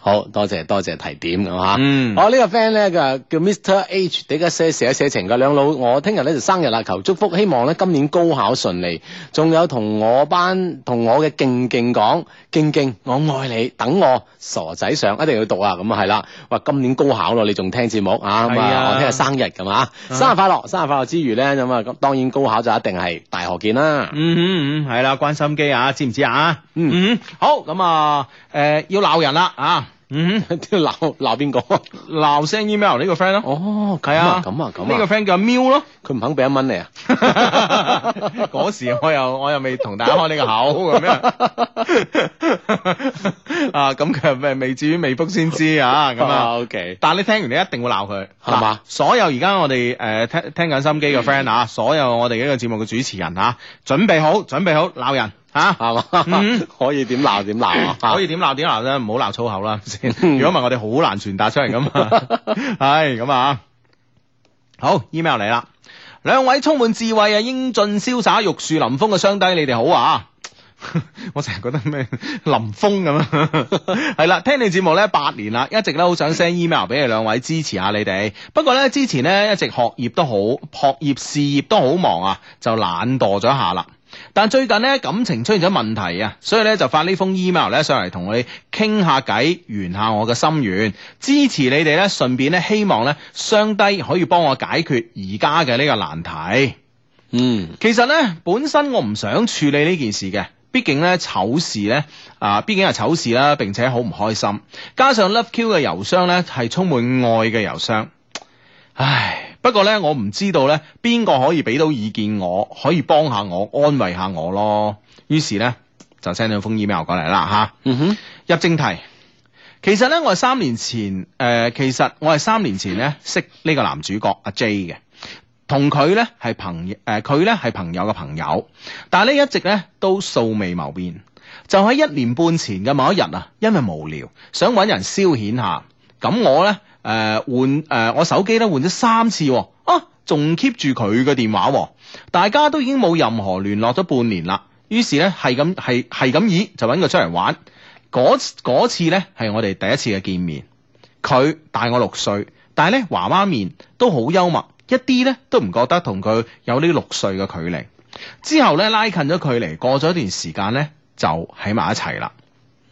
好多謝多謝提點咁啊，嗯，我呢個 friend 咧，佢叫 Mr H，點解寫寫寫情嘅？兩老我聽日咧就生日啦，求祝福，希望咧今年高考順利，仲有同我班同我嘅勁勁講，勁勁，我愛你，等我，傻仔上一定要讀啊，咁啊係啦，哇，今年高考咯，你仲聽節目啊？咁啊，我聽日生日咁啊，生日快樂，生日快樂之餘咧，咁啊，咁當然高考就一定係大學見啦。嗯嗯嗯，係啦，關心機啊，知唔知啊？嗯嗯，好，咁啊。誒、啊，要鬧人啦啊！嗯，要鬧鬧邊個、啊？鬧聲 email 呢個 friend 咯。哦，係啊，咁啊，咁啊，呢個 friend 叫 Mi 咯，佢唔肯俾一蚊你啊。嗰時我又我又未同大家開呢個口咁樣 啊，咁佢未未至於未卜先知啊，咁啊，啊 OK。但係你聽完你一定會鬧佢，係嘛 吧？所有而家我哋誒、呃、聽聽緊心機嘅 friend 啊，所有我哋呢個節目嘅主持人啊，準備好準備好鬧人。吓，係嘛，可以點鬧點鬧，可以點鬧點鬧啫，唔好鬧粗口啦，先。如果唔係，我哋好難傳達出嚟，咁啊。係咁啊，好 email 嚟啦，兩位充滿智慧啊、英俊瀟灑、玉樹臨風嘅雙低，你哋好啊。 我成日覺得咩林峰咁啊。係 啦，聽你節目咧八年啦，一直咧好想 send email 俾你兩位支持下你哋。不過咧之前咧一直學業都好，學業事業都好忙啊，就懶惰咗一下啦。但最近咧感情出現咗問題啊，所以咧就發呢封 email 咧上嚟同你傾下偈，圓下我嘅心願，支持你哋咧，順便咧希望咧上帝可以幫我解決而家嘅呢個難題。嗯，其實咧本身我唔想處理呢件事嘅，畢竟咧醜事咧啊，畢竟係醜事啦，並且好唔開心，加上 Love Q 嘅郵箱咧係充滿愛嘅郵箱，唉。不過咧，我唔知道咧，邊個可以俾到意見，我可以幫下我，安慰下我咯。於是咧，就 send 咗封 email 過嚟啦，吓。嗯哼。入正題，其實咧，我係三年前，誒、呃，其實我係三年前咧識呢個男主角阿 J 嘅，同佢咧係朋，誒，佢咧係朋友嘅朋友，但係咧一直咧都素未謀面。就喺一年半前嘅某一日啊，因為無聊，想搵人消遣下，咁我咧。誒，換誒、呃呃，我手機咧換咗三次，啊，仲 keep 住佢嘅電話，大家都已經冇任何聯絡咗半年啦。於是咧係咁係係咁咦，就揾佢出嚟玩。嗰次咧係我哋第一次嘅見面。佢大我六歲，但係咧娃娃面都好幽默，一啲咧都唔覺得同佢有呢六歲嘅距離。之後咧拉近咗距離，過咗一段時間咧就喺埋一齊啦。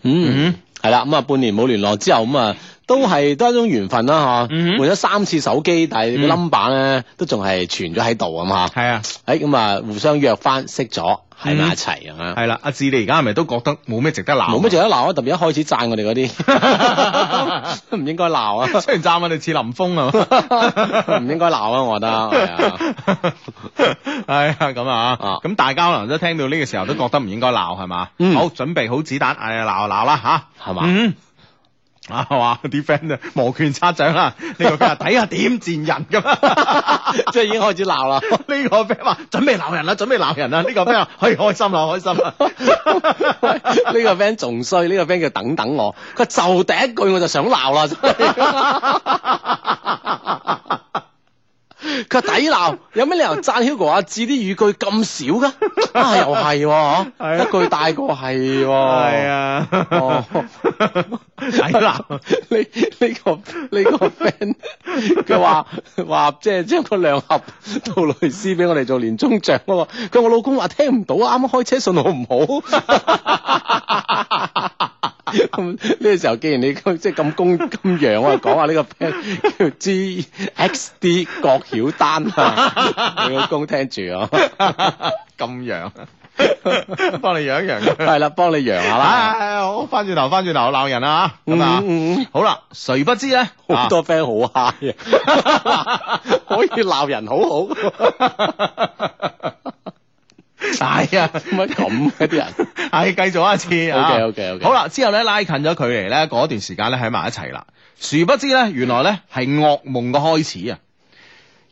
嗯，係啦，咁啊半年冇聯絡之後咁啊。都係都係一種緣分啦，吓換咗三次手機，但係個冧板咧都仲係存咗喺度咁吓。係啊，誒咁啊，互相約翻識咗，喺埋一齊啊。係啦，阿志你而家係咪都覺得冇咩值得鬧，冇咩值得鬧啊！特別一開始讚我哋嗰啲，唔應該鬧啊！雖然讚我哋似林峰啊，唔應該鬧啊！我覺得係啊，係啊，咁啊，咁大家可能都聽到呢個時候都覺得唔應該鬧係嘛。好，準備好子彈，嗌鬧鬧啦吓，係嘛。啊，係嘛？啲 friend 啊，摩拳擦掌啦！呢個 friend 睇下點賤人咁， 即係已經開始鬧啦。呢個 friend 話準備鬧人啦，準備鬧人啦。呢個 friend 話可以開心啦，開心啦。呢個 friend 仲衰，呢個 friend 叫等等我。佢就第一句我就想鬧啦。 佢話抵鬧，有咩理由讚 Hugo 阿志啲語句咁少噶？哎、啊，又係，一句大過係，係啊，抵鬧！你呢個呢個 friend，佢話話即係將個兩盒杜蕾斯俾我哋做年終獎咯。佢我，我老公話聽唔到啊，啱啱開車信號唔好。 呢、嗯這個時候，既然你即係咁公咁 我就、x、d, 公啊，講 下呢個 friend 叫 G X D 郭曉丹啊，老公聽住啊，咁揚，幫你揚一揚，係啦、 啊，幫你揚下啦。好，翻轉頭，翻轉頭鬧人啊。嚇、嗯。嗯嗯嗯，好啦吧，誰不知咧，好多 friend 好嗨啊，可以鬧人，好好。係啊，乜咁嗰啲人？係繼續一次啊。 okay, okay, okay. 好啦，之後咧拉近咗距離咧，嗰段時間咧喺埋一齊啦。殊不知咧，原來咧係噩夢嘅開始啊！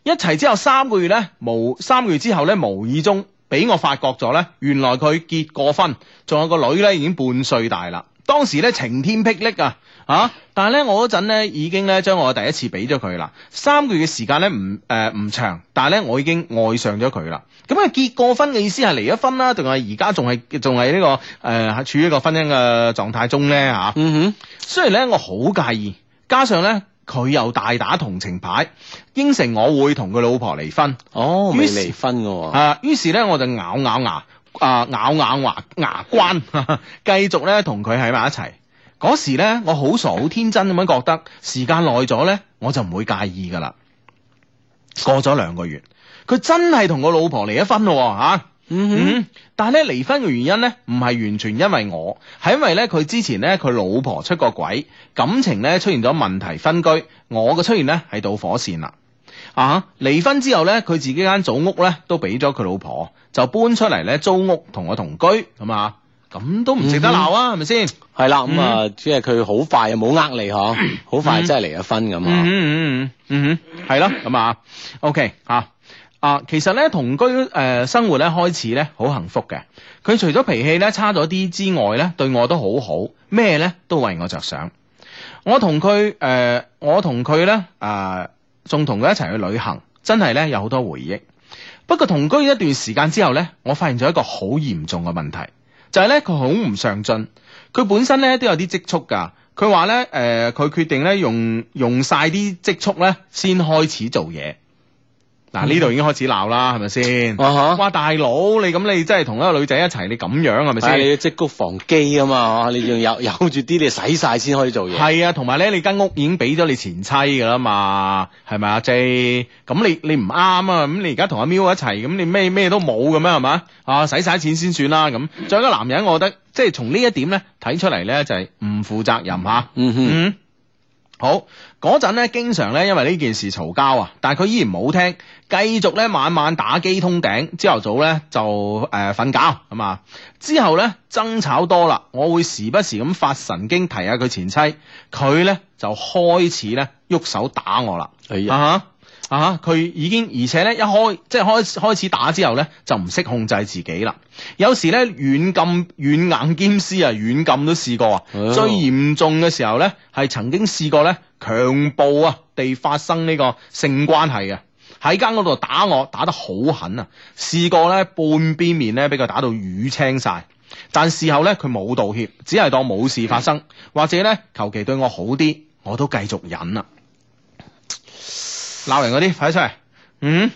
一齊之後三個月咧，無三個月之後咧，無意中俾我發覺咗咧，原來佢結過婚，仲有個女咧已經半歲大啦。當時咧晴天霹靂啊！啊！但係咧我嗰陣咧已經咧將我第一次俾咗佢啦。三個月嘅時間咧唔誒唔長，但係咧我已經愛上咗佢啦。咁啊結過婚嘅意思係離咗婚啦，定係而家仲係仲係呢個誒處於一個婚姻嘅狀態中咧吓？嗯哼，雖然咧我好介意，加上咧佢又大打同情牌，應承我會同佢老婆離婚。哦，未離婚㗎喎。啊，於是咧我就咬咬牙。啊、呃！咬咬牙牙關，繼續咧同佢喺埋一齊。嗰時咧，我好傻好天真咁樣覺得，時間耐咗咧，我就唔會介意噶啦。過咗兩個月，佢真係同我老婆離咗婚咯吓、哦。啊、嗯哼，嗯但係咧離婚嘅原因咧，唔係完全因為我，係因為咧佢之前咧佢老婆出過軌，感情咧出現咗問題，分居。我嘅出現咧係導火線啦。啊！離婚之後咧，佢自己間祖屋咧都俾咗佢老婆，就搬出嚟咧租屋同我同居，係嘛？咁都唔值得鬧啊，係咪先？係啦，咁啊，即係佢好快又冇呃你，嗬？好快即係離咗婚咁啊！嗯嗯嗯嗯，係啦，咁啊？OK，吓啊，其實咧同居誒生活咧開始咧好幸福嘅，佢除咗脾氣咧差咗啲之外咧，對我都好好，咩咧都為我着想。我同佢誒，我同佢咧啊。仲同佢一齊去旅行，真係咧有好多回憶。不過同居一段時間之後咧，我發現咗一個好嚴重嘅問題，就係咧佢好唔上進。佢本身咧都有啲積蓄噶，佢話咧誒，佢、呃、決定咧用用曬啲積蓄咧先開始做嘢。嗱呢度已經開始鬧啦，係咪先？啊、哇大佬，你咁你真係同一個女仔一齊，你咁樣係咪先？是是你要積谷防饑啊嘛，你仲有有住啲，你洗晒先可以做嘢。係啊、嗯，同埋咧，你間屋已經俾咗你前妻噶啦嘛，係咪啊？J 係咁你你唔啱啊？咁你而家同阿喵一齊，咁你咩咩都冇嘅咩係嘛？啊，使曬、啊嗯啊、錢先算啦咁。作為一個男人，我覺得即係從呢一點咧睇出嚟咧，就係、是、唔負責任嚇。啊、嗯哼，嗯，好。嗰陣咧，經常咧，因為呢件事嘈交啊，但係佢依然冇聽，繼續咧晚晚打機通頂，朝頭早咧就誒瞓覺，係嘛？之後咧爭吵多啦，我會時不時咁發神經提下佢前妻，佢咧就開始咧喐手打我啦，係啊的！Uh huh. 啊！佢已經而且咧一開即係開開始打，之後咧就唔識控制自己啦。有時咧軟禁、軟硬兼施啊，軟禁都試過啊。Oh. 最嚴重嘅時候咧係曾經試過咧強暴啊，地發生呢個性關係嘅，喺間嗰度打我打得好狠啊！試過咧半邊面咧俾佢打到瘀青晒。但事後咧佢冇道歉，只係當冇事發生，或者咧求其對我好啲，我都繼續忍啦。鬧人嗰啲，快出嚟。嗯，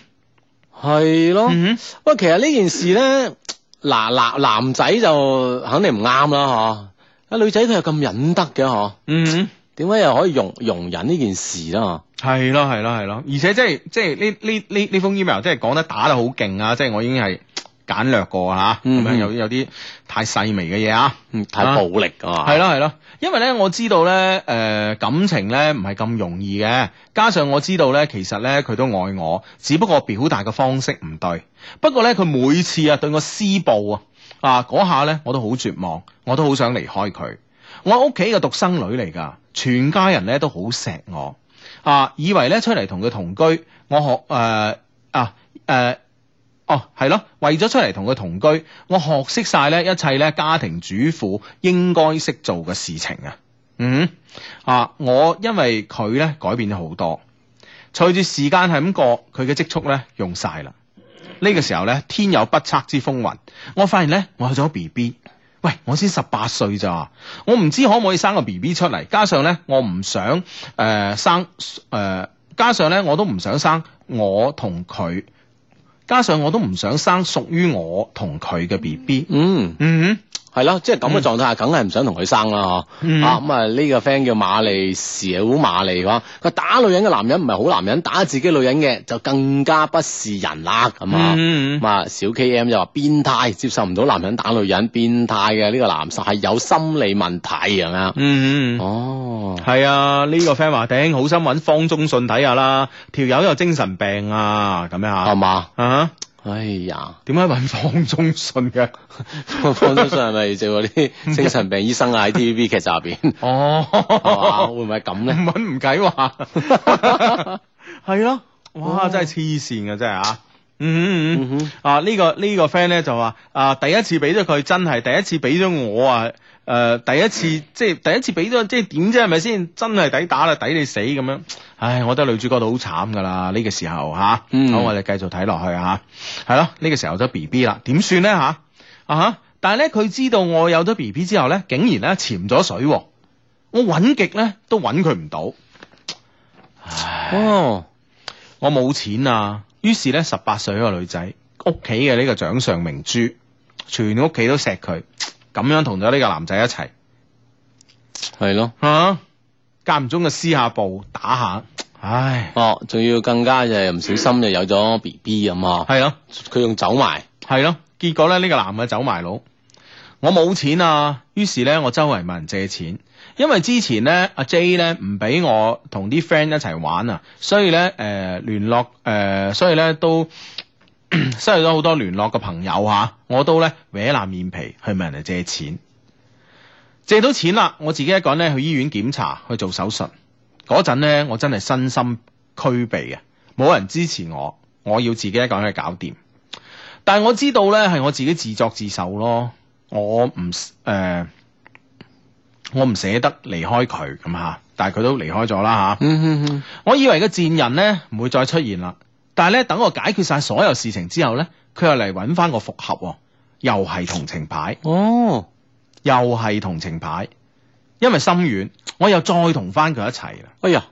係咯的。嗯哼，不過，其實呢件事咧，嗱男男仔就肯定唔啱啦，嗬。啊女仔佢又咁忍得嘅，嗬。嗯哼。點解又可以容容忍呢件事啦？係咯，係咯，係咯，而且即係即係呢呢呢呢封 email，即係講得打得好勁啊！即係我已經係簡略過吓，咁樣、嗯、哼有有啲。有太細微嘅嘢啊！啊太暴力㗎嘛！係咯係咯，因為咧我知道咧誒、呃、感情咧唔係咁容易嘅，加上我知道咧其實咧佢都愛我，只不過表達嘅方式唔對。不過咧佢每次啊對我施暴啊啊嗰下咧我都好絕望，我都好想離開佢。我屋企嘅獨生女嚟㗎，全家人咧都好錫我啊，以為咧出嚟同佢同居，我學誒、呃、啊誒。呃哦，係咯，為咗出嚟同佢同居，我學識晒咧一切咧家庭主婦應該識做嘅事情啊。嗯，啊，我因為佢咧改變咗好多，隨住時間係咁過，佢嘅積蓄咧用晒啦。呢、這個時候咧，天有不測之風雲，我發現咧我有咗 B B。喂，我先十八歲咋？我唔知可唔可以生個 B B 出嚟。加上咧，我唔想誒、呃、生誒、呃，加上咧我都唔想生我同佢。加上我都唔想生屬於我同佢嘅 B B。嗯嗯。嗯係咯，嗯、即係咁嘅狀態下梗係唔想同佢生啦嗬。嗯、啊，咁啊呢個 friend 叫馬利小馬利嘅話，佢打女人嘅男人唔係好男人，打自己女人嘅就更加不是人啦。咁、嗯、啊，嗯、小 K M 又話變態，接受唔到男人打女人變態嘅呢個男實係有心理問題啊、嗯。嗯，哦，係啊，呢、呢個 friend 話頂，好心揾方中信睇下啦，條友又精神病啊，咁樣嚇，係嘛嗎？啊、uh！Huh. 哎呀，點解搵方中信嘅？ 方中信係咪就嗰啲精神病醫生啊？喺 TVB 劇集入邊哦， 會唔會係咁咧？搵唔計話，係 咯、 啊，哇，哇真係黐線啊，真係啊！嗯嗯嗯哼啊，呢個呢個 friend 咧就話啊，第一次俾咗佢，真係第一次俾咗我啊！誒、呃，第一次即係第一次俾咗，即係點啫？係咪先？真係抵打啦，抵你死咁樣。唉，我覺得女主角都好慘噶啦，呢、這個時候吓。啊嗯、好，我哋繼續睇落去吓，係、啊、咯，呢、這個時候有咗 B B 啦，點算咧吓？啊哈！但係咧，佢知道我有咗 B B 之後咧，竟然咧潛咗水，我揾極咧都揾佢唔到。唉，哦、我冇錢啊！於是咧，十八歲一個女仔，屋企嘅呢個掌上明珠，全屋企都錫佢。咁樣同咗呢個男仔一齊，係咯，間唔中嘅私下步打下，唉，哦，仲要更加就係唔小心，就有咗 B B 咁啊，係啊，佢仲走埋，係咯、啊，結果咧呢、呢個男嘅走埋佬，我冇錢啊，於是咧我周圍問人借錢，因為之前咧阿、啊、J 咧唔俾我同啲 friend 一齊玩啊，所以咧誒聯絡誒、呃，所以咧都。 失去咗好多聯絡嘅朋友吓、啊，我都咧搲爛面皮去問人哋借錢，借到錢啦，我自己一個人咧去醫院檢查去做手術，嗰陣咧我真係身心俱疲嘅，冇人支持我，我要自己一個人去搞掂。但係我知道咧係我自己自作自受咯，我唔誒、呃，我唔捨得離開佢咁吓，但係佢都離開咗啦吓。嗯嗯嗯， 我以為個賤人咧唔會再出現啦。但係咧，等我解決晒所有事情之後咧，佢又嚟揾翻個復合，又係同情牌，哦，又係同情牌，因為心軟，我又再同翻佢一齊啦。哎呀，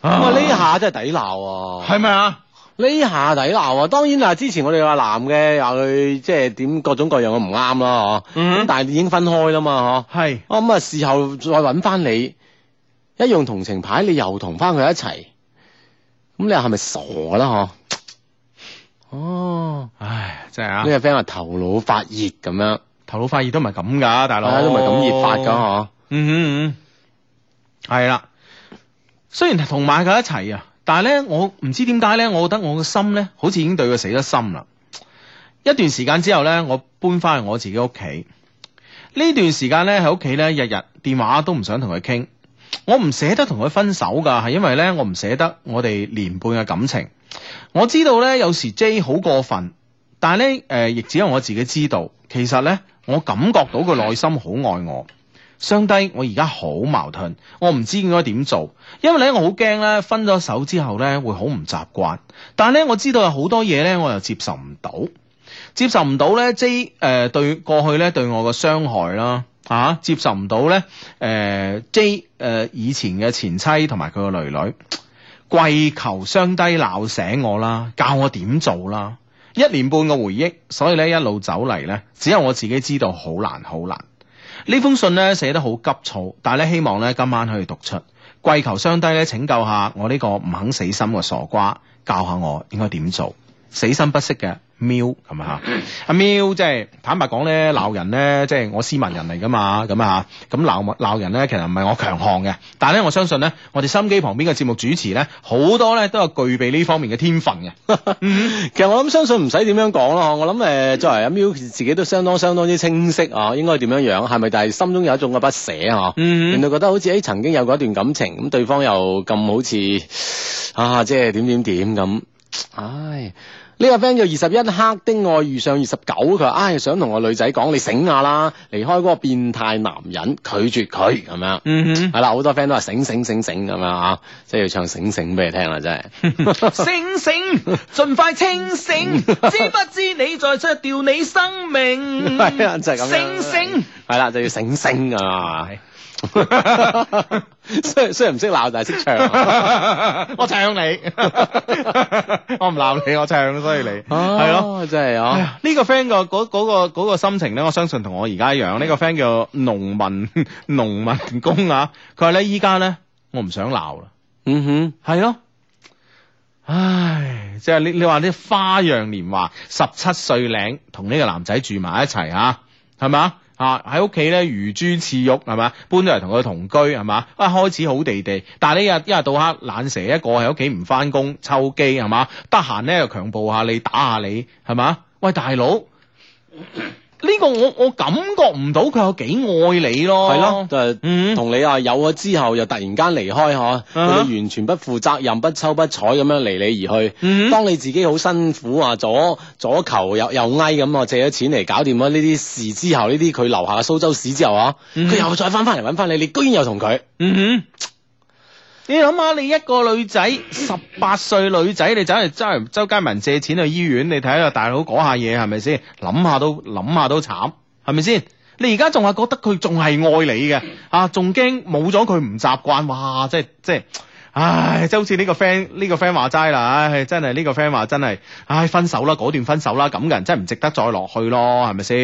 咁啊呢下真係抵鬧，係咪啊？呢嗎下抵鬧啊！當然啦、啊，之前我哋話男嘅又去，即係點各種各樣嘅唔啱啦，嗬、嗯，咁但係已經分開啦嘛，嗬是，係，咁啊事後再揾翻你，一用同情牌，你又同翻佢一齊。咁你係咪傻啦？嗬、啊！哦，唉，真係啊！呢個 friend 話頭腦發熱咁樣，頭腦發熱都唔係咁噶大佬都唔係咁熱發噶嗬。嗯嗯嗯，係、嗯、啦。雖然同埋佢一齊啊，但係咧，我唔知點解咧，我覺得我個心咧，好似已經對佢死咗心啦。一段時間之後咧，我搬翻去我自己屋企。呢段時間咧，喺屋企咧，日日電話都唔想同佢傾。我唔捨得同佢分手噶，係因為咧，我唔捨得我哋年半嘅感情。我知道咧，有時 J 好過分，但係咧，誒，亦只有我自己知道。其實咧，我感覺到佢內心好愛我，相低我而家好矛盾，我唔知應該點做。因為咧，我好驚咧分咗手之後咧會好唔習慣，但係咧，我知道有好多嘢咧，我又接受唔到，接受唔到咧 J 誒、呃、對過去咧對我嘅傷害啦。啊！接受唔到咧，誒、呃、J 誒、呃、以前嘅前妻同埋佢個囡囡，跪求雙低鬧醒我啦，教我點做啦，一年半嘅回憶，所以咧一路走嚟咧，只有我自己知道好難好難。呢封信咧寫得好急躁，但係咧希望咧今晚可以讀出，跪求雙低咧拯救下我呢個唔肯死心嘅傻瓜，教下我應該點做，死心不息嘅。喵，咁啊，嚇，阿喵，即係坦白講咧，鬧人咧，即係我斯文人嚟噶嘛，咁啊，咁鬧鬧人咧，其實唔係我強項嘅，但係咧我相信咧，我哋心機旁邊嘅節目主持咧，好多咧都有具備呢方面嘅天分嘅。 其實我諗相信唔使點樣講咯，我諗誒作為阿喵自己都相當相當之清晰啊，應該點樣樣係咪？是是但係心中有一種嘅不捨啊，令到覺得好似喺曾經有過一段感情，咁對方又咁好似啊，即係點點點咁，唉。呢個 friend 叫二十一克的愛遇上二十九，佢話：唉，想同個女仔講，你醒下啦，離開嗰個變態男人，拒絕佢咁樣。嗯，係 啦樂，好多 friend 都話醒醒醒醒咁樣啊，即係要唱醒醒俾你聽啦，真係。醒醒，盡快清醒， 知不知你在出掉你生命？ 就係咁樣。醒醒，係啦，就要醒醒，醒啊。 雖然雖然唔識鬧，但係識唱。 我唱搶你， 你，我唔鬧你，我唱。所以你係、啊、咯，真係啊！呢、哎這個 friend、那個、那個、那個心情咧，我相信同我而家一樣。呢、這個 friend 叫農民農民工啊！佢話咧，依家咧我唔想鬧啦。嗯哼，係咯。唉，即、就、係、是、你你話啲花樣年華十七歲靚，同呢個男仔住埋一齊啊？係咪啊？啊！喺屋企咧，如珠似玉，係嘛？搬咗嚟同佢同居，係嘛？啊，開始好地地，但係呢日一日到黑懶蛇一個喺屋企唔翻工，抽機，係嘛？得閒咧又強暴下你，打下你，係嘛？喂，大佬！ 呢個我我感覺唔到佢有幾愛你咯，係咯，就係同你話有咗之後又突然間離開嗬，啊 uh huh. 你完全不負責任、不抽不睬咁樣離你而去。Uh huh. 當你自己好辛苦啊，左左求又又哀咁啊，借咗錢嚟搞掂咗呢啲事之後，呢啲佢留下蘇州屎之後嗬，佢、啊 uh huh. 又再翻翻嚟揾翻你，你居然又同佢。Uh huh. 你諗下，你一個女仔，十八歲女仔，你走去周周嘉文借錢去醫院，你睇下大佬講下嘢係咪先？諗下都諗下都慘，係咪先？你而家仲係覺得佢仲係愛你嘅啊？仲驚冇咗佢唔習慣，哇！即係即係。唉，即好似呢個 friend 呢個 friend 話齋啦，唉，真係呢個 friend 話真係，唉，分手啦，嗰段分手啦，咁嘅人真係唔值得再落去咯，係咪先？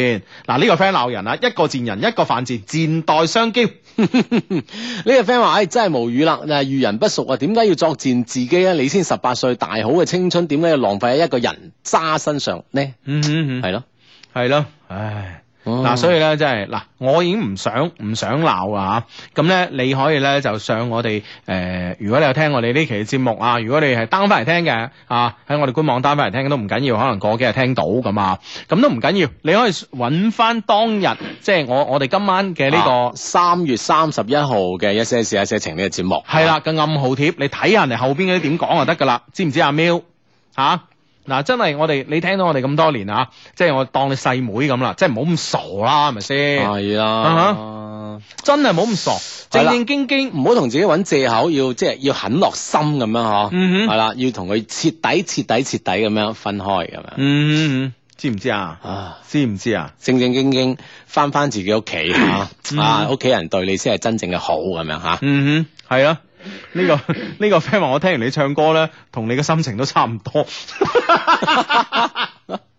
嗱，呢、呢個 friend 鬧人啦，一個賤人，一個犯賤，賤待相嬌。呢 個 friend 話，唉，真係無語啦，遇人不淑啊，點解要作賤自己咧？你先十八歲大好嘅青春，點解要浪費喺一個人渣身上咧？呢嗯，嗯，嗯，係咯，係咯，咯，唉。嗱、哦啊，所以咧即係，嗱，我已經唔想唔想鬧啊，咁咧，你可以咧就上我哋誒、呃，如果你有聽我哋呢期嘅節目啊，如果你係 down 翻嚟聽嘅啊，喺我哋官網 down 翻嚟聽都唔緊要，可能過幾日聽到咁啊，咁都唔緊要，你可以揾翻當日即係我我哋今晚嘅呢、這個三、啊、月三十一號嘅一些事一些情呢個節目，係、啊、啦，個暗號貼，你睇下人哋後邊嗰啲點講就得噶啦，知唔知阿、啊、喵，吓、啊？嗱、啊，真係我哋你聽到我哋咁多年啊，即係我當你細妹咁啦，即係唔好咁傻啦，係咪先？係啊，啊真係唔好咁傻，啊、正正經經唔好同自己揾借口，要即係要狠落心咁樣嗬，係啦，要同佢徹底徹底徹底咁樣分開咁樣、啊嗯，知唔知啊？知唔知啊？正正經經返返自己屋企嚇，啊，屋企、嗯哼啊、人對你先係真正嘅好咁樣嚇，啊啊、嗯哼，係、嗯、啊。呢、 呢個呢、呢個 friend 話我聽完你唱歌咧，同你嘅心情都差唔多。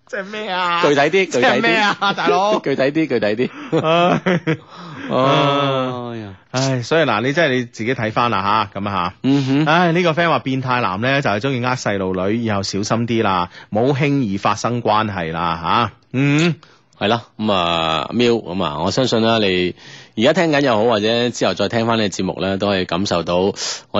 即係咩啊具？具體啲， 具體啲咩 啊？大佬，具體啲，具體啲。唉，所以嗱，你真係你自己睇翻啦吓，咁啊吓。嗯、啊、哼，唉、呢個，呢個 friend 話變態男咧就係中意呃細路女，以後小心啲啦，冇輕易發生關係啦吓。嗯，係啦，咁啊 Miu，咁啊，我相信咧你。而家聽緊又好，或者之後再聽翻你嘅節目咧，都可以感受到我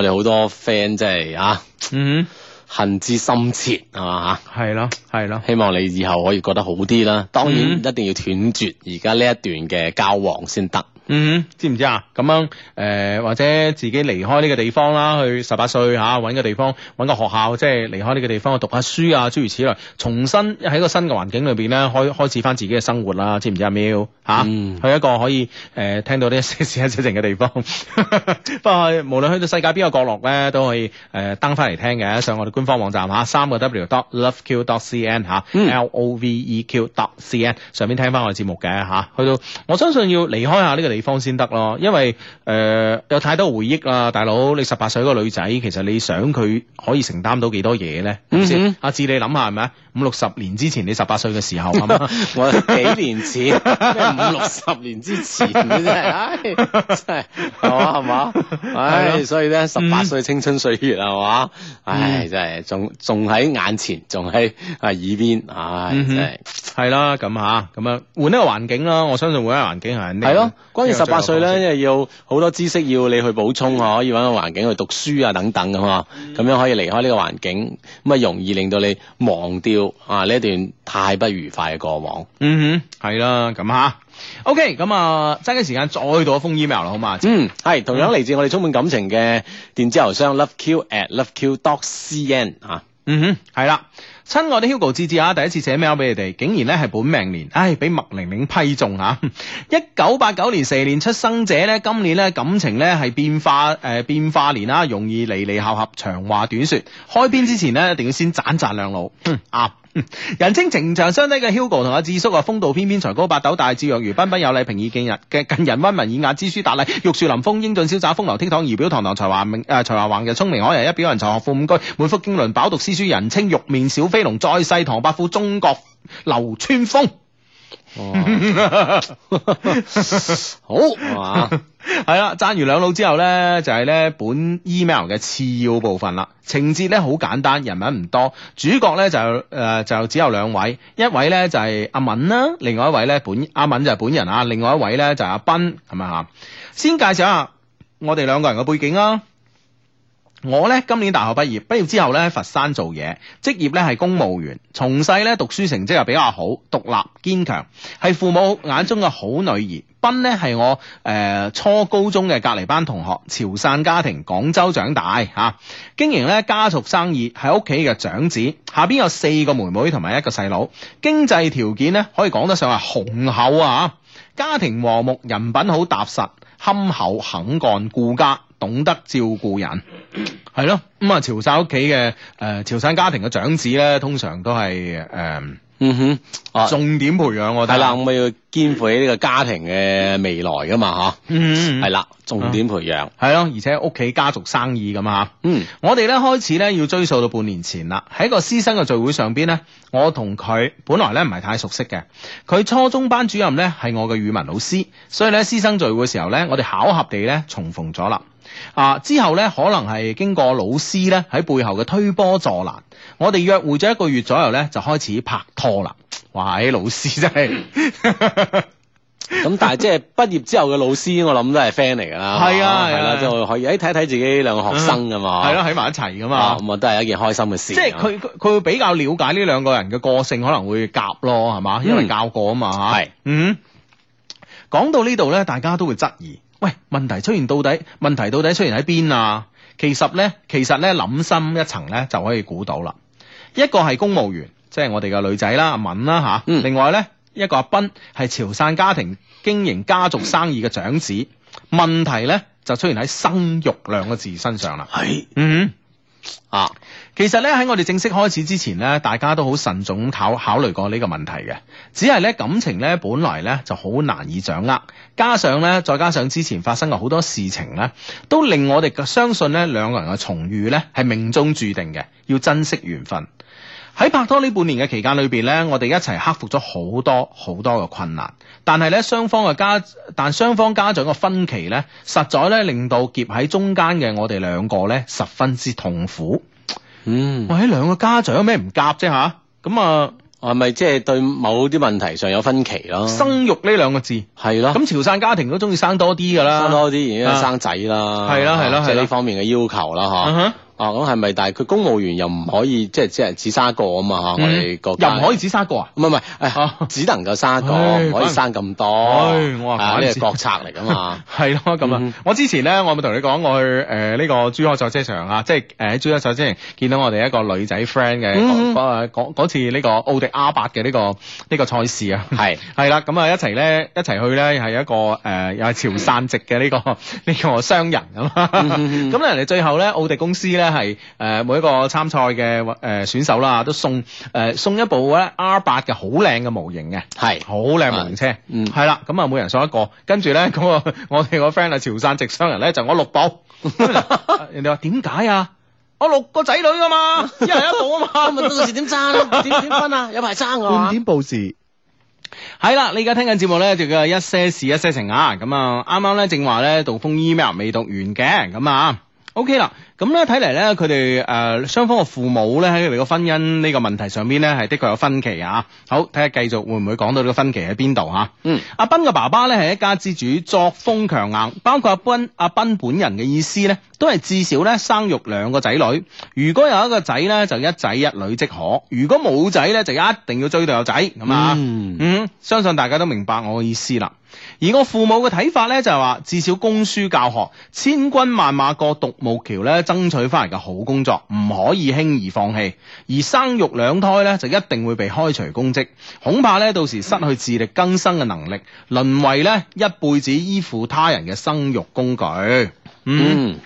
哋好多 friend 即係啊，mm hmm. 恨之深切係嘛？係咯、啊，係咯。希望你以後可以覺得好啲啦。當然，mm hmm. 一定要斷絕而家呢一段嘅交往先得。嗯，知唔知啊？咁樣，誒、呃、或者自己離開呢個地方啦，去十八歲吓揾個地方，揾、啊、個學校，即係離開呢個地方去讀下書啊，諸如此類，重新喺一個新嘅環境裏邊咧，開開始翻自己嘅生活啦，知唔知阿喵嚇？啊嗯、去一個可以誒、呃、聽到啲一隻一隻淨嘅地方，不 過無論去到世界邊個角落咧，都可以誒、呃、登翻嚟聽嘅，上我哋官方網站吓，三、啊、個 w dot loveq dot cn 嚇、啊嗯、，l o v e q dot c n 上邊聽翻我哋節目嘅吓、啊、去到我相信要離開下呢個地。啊啊地方先得咯，因為誒、呃、有太多回憶啦，大佬你十八歲個女仔，其實你想佢可以承擔到幾多嘢咧？嗯嗯哼，咁先阿志你諗下係咪啊？五六十年之前你十八歲嘅時候，係嘛，我幾年前 五六十年之前， 哎、真係真係係嘛係嘛，唉的、哎，所以咧十八歲青春歲月係嘛，唉真係仲仲喺眼前，仲喺耳邊，唉真係係啦，咁吓咁啊換一個環境啦，我相信換一個環境係係咯。十八歲咧，因為要好多知識要你去補充，可以搵個環境去讀書等等啊，等等咁啊，咁樣可以離開呢個環境咁啊，容易令到你忘掉啊呢一段太不愉快嘅過往。嗯哼，係啦，咁啊，O K，咁啊，揸、OK, 緊、啊、時間再讀一封 email 咯，好嘛？嗯，係同樣嚟自我哋充滿感情嘅電子郵箱、嗯、love q at love q dot c n 啊。嗯哼，係啦。親愛的 Hugo、志志啊，第一次寫 mail 俾你哋，竟然咧係本命年，唉，俾麥玲玲批中啊！一九八九年蛇年出生者咧，今年咧感情咧係變化誒、呃，變化年啦，容易離離合合，長話短說，開篇之前呢，一定要先斬斬兩路。啊， 人稱情場相低嘅 Hugo 同阿智叔啊，風度翩翩，才高八斗，大智若愚彬彬有禮，平易近日嘅近人溫文爾雅，知書達禮，玉樹臨風，英俊瀟灑，風流倜儻，儀表堂堂，才華明誒，才華橫溢，聰明可愛，一表人才，學富五車，滿腹經綸，飽讀詩書，人稱玉面小飛，基龍再世，唐伯虎，中國流川楓。 好，係嘛，係啦， 贊完兩老之後咧，就係、是、咧本 email 嘅次要部分啦。情節咧好簡單，人物唔多，主角咧就誒、呃、就只有兩位，一位咧就係、是、阿敏啦，另外一位咧本阿敏就係本人啊，另外一位咧就係、是、阿斌係咪啊。先介紹下我哋兩個人嘅背景啊。我咧今年大學畢業，畢業之後咧喺佛山做嘢，職業咧係公務員。從細咧讀書成績又比較好，獨立堅強，係父母眼中嘅好女兒。斌咧係我誒、呃、初高中嘅隔籬班同學，潮汕家庭，廣州長大吓、啊，經營咧家族生意，係屋企嘅長子，下邊有四個妹妹同埋一個細佬，經濟條件咧可以講得上係雄厚啊，家庭和睦，人品好踏實，憨厚肯幹顧家。懂得照顧人，係咯咁啊！潮汕屋企嘅誒潮汕家庭嘅長子咧，通常都係誒、呃、嗯哼，重點培養我覺得係啦，我咪要肩負起呢個家庭嘅未來噶嘛嚇，係啦，重點培養係咯，而且屋企家族生意咁啊嚇，嗯、我哋咧開始咧要追溯到半年前啦，喺個師生嘅聚會上邊咧，我同佢本來咧唔係太熟悉嘅，佢初中班主任咧係我嘅語文老師，所以咧師生聚會嘅時候咧，我哋巧合地咧重逢咗啦。啊！之後咧，可能係經過老師咧喺背後嘅推波助瀾，我哋約會咗一個月左右咧，就開始拍拖啦。哇！啲老師真係咁，但係即係畢業之後嘅老師，我諗都係 friend 嚟噶啦。係啊，係啦，啊，就可以誒，睇睇自己兩個學生噶嘛，係咯，喺埋一齊噶嘛，咁啊，都係一件開心嘅事，啊。即係佢佢會比較了解呢兩個人嘅個性，可能會夾咯，係、嗯、嘛，因為教過啊嘛，係嗯。講到呢度咧，大家都會質疑。喂，問題出現到底？問題到底出現喺邊啊？其實呢，其實呢，諗深一層呢，就可以估到啦。一個係公務員，即係我哋嘅女仔啦，阿敏啦吓。啊嗯、另外呢，一個阿斌係潮汕家庭經營家族生意嘅長子。問題呢，就出現喺生育兩個字身上啦。係是，嗯。啊，其實咧喺我哋正式開始之前咧，大家都好慎重咁考考慮過呢個問題嘅。只係咧感情，咧本來咧就好難以掌握，加上咧再加上之前發生過好多事情咧，都令我哋嘅相信咧兩個人嘅重遇咧係命中注定嘅，要珍惜緣分。喺拍拖呢半年嘅期間裏邊呢，我哋一齊克服咗好多好多嘅困難。但係呢，雙方嘅家，但雙方家長嘅分歧呢，實在呢令到夾喺中間嘅我哋兩個呢十分之痛苦。嗯，哇！喺、欸、兩個家長有咩唔夾啫吓？咁啊，係咪即係對某啲問題上有分歧咯？生育呢兩個字係咯。咁潮汕家庭都中意生多啲噶啦，生多啲已經生仔啦，係啦係啦，即係呢方面嘅要求啦嚇。 啊，咁係咪？但係佢公務員又唔可以，即係即係只生一個啊嘛！我哋又唔可以只生一個啊！唔係唔係，只能夠生一個，唔可以生咁多。我話呢係國策嚟噶嘛。係咯，咁啊！我之前咧，我咪同你講，我去誒呢個珠海賽車場啊，即係誒喺珠海賽車場見到我哋一個女仔 friend 嘅嗰次呢個奧迪 R 八嘅呢個呢個賽事啊。係係啦，咁啊一齊咧一齊去咧係一個誒又係潮汕籍嘅呢個呢個商人咁啊。咁咧人哋最後咧奧迪公司咧。係誒，每一個參賽嘅誒選手啦，都送誒送一部咧 R8 嘅，好靚嘅模型嘅，係好靚模型車，嗯係啦，咁啊每人送一個，跟住咧嗰個我哋個 friend 啊，潮汕直商人咧就我六部， 人哋話點解啊？ 我六個仔女噶嘛，一人一部啊嘛，咪 到時點爭點點分啊？有排爭噶嘛？半點報時。係啦，你而家聽緊節目咧，就叫一些事一些情啊，咁啊啱啱咧正話咧杜鋒 email 未讀完嘅，咁啊。O K 啦，咁咧睇嚟咧，佢哋誒雙方嘅父母咧喺佢哋個婚姻呢個問題上邊咧係的確有分歧啊。好，睇下繼續會唔會講到呢個分歧喺邊度吓。嗯，阿斌嘅爸爸咧係一家之主，作風強硬，包括阿斌阿斌本人嘅意思咧，都係至少咧生育兩個仔女。如果有一個仔咧，就一仔一女即可；如果冇仔咧，就一定要追到有仔咁啊。嗯，嗯，相信大家都明白我嘅意思啦。而我父母嘅睇法咧，就是，就係話至少供書教學，千軍萬馬過獨木橋咧，橋爭取翻嚟嘅好工作，唔可以輕易放棄。而生育兩胎咧，就一定會被開除公職，恐怕咧到時失去自力更生嘅能力，淪為咧一輩子依附他人嘅生育工具。嗯，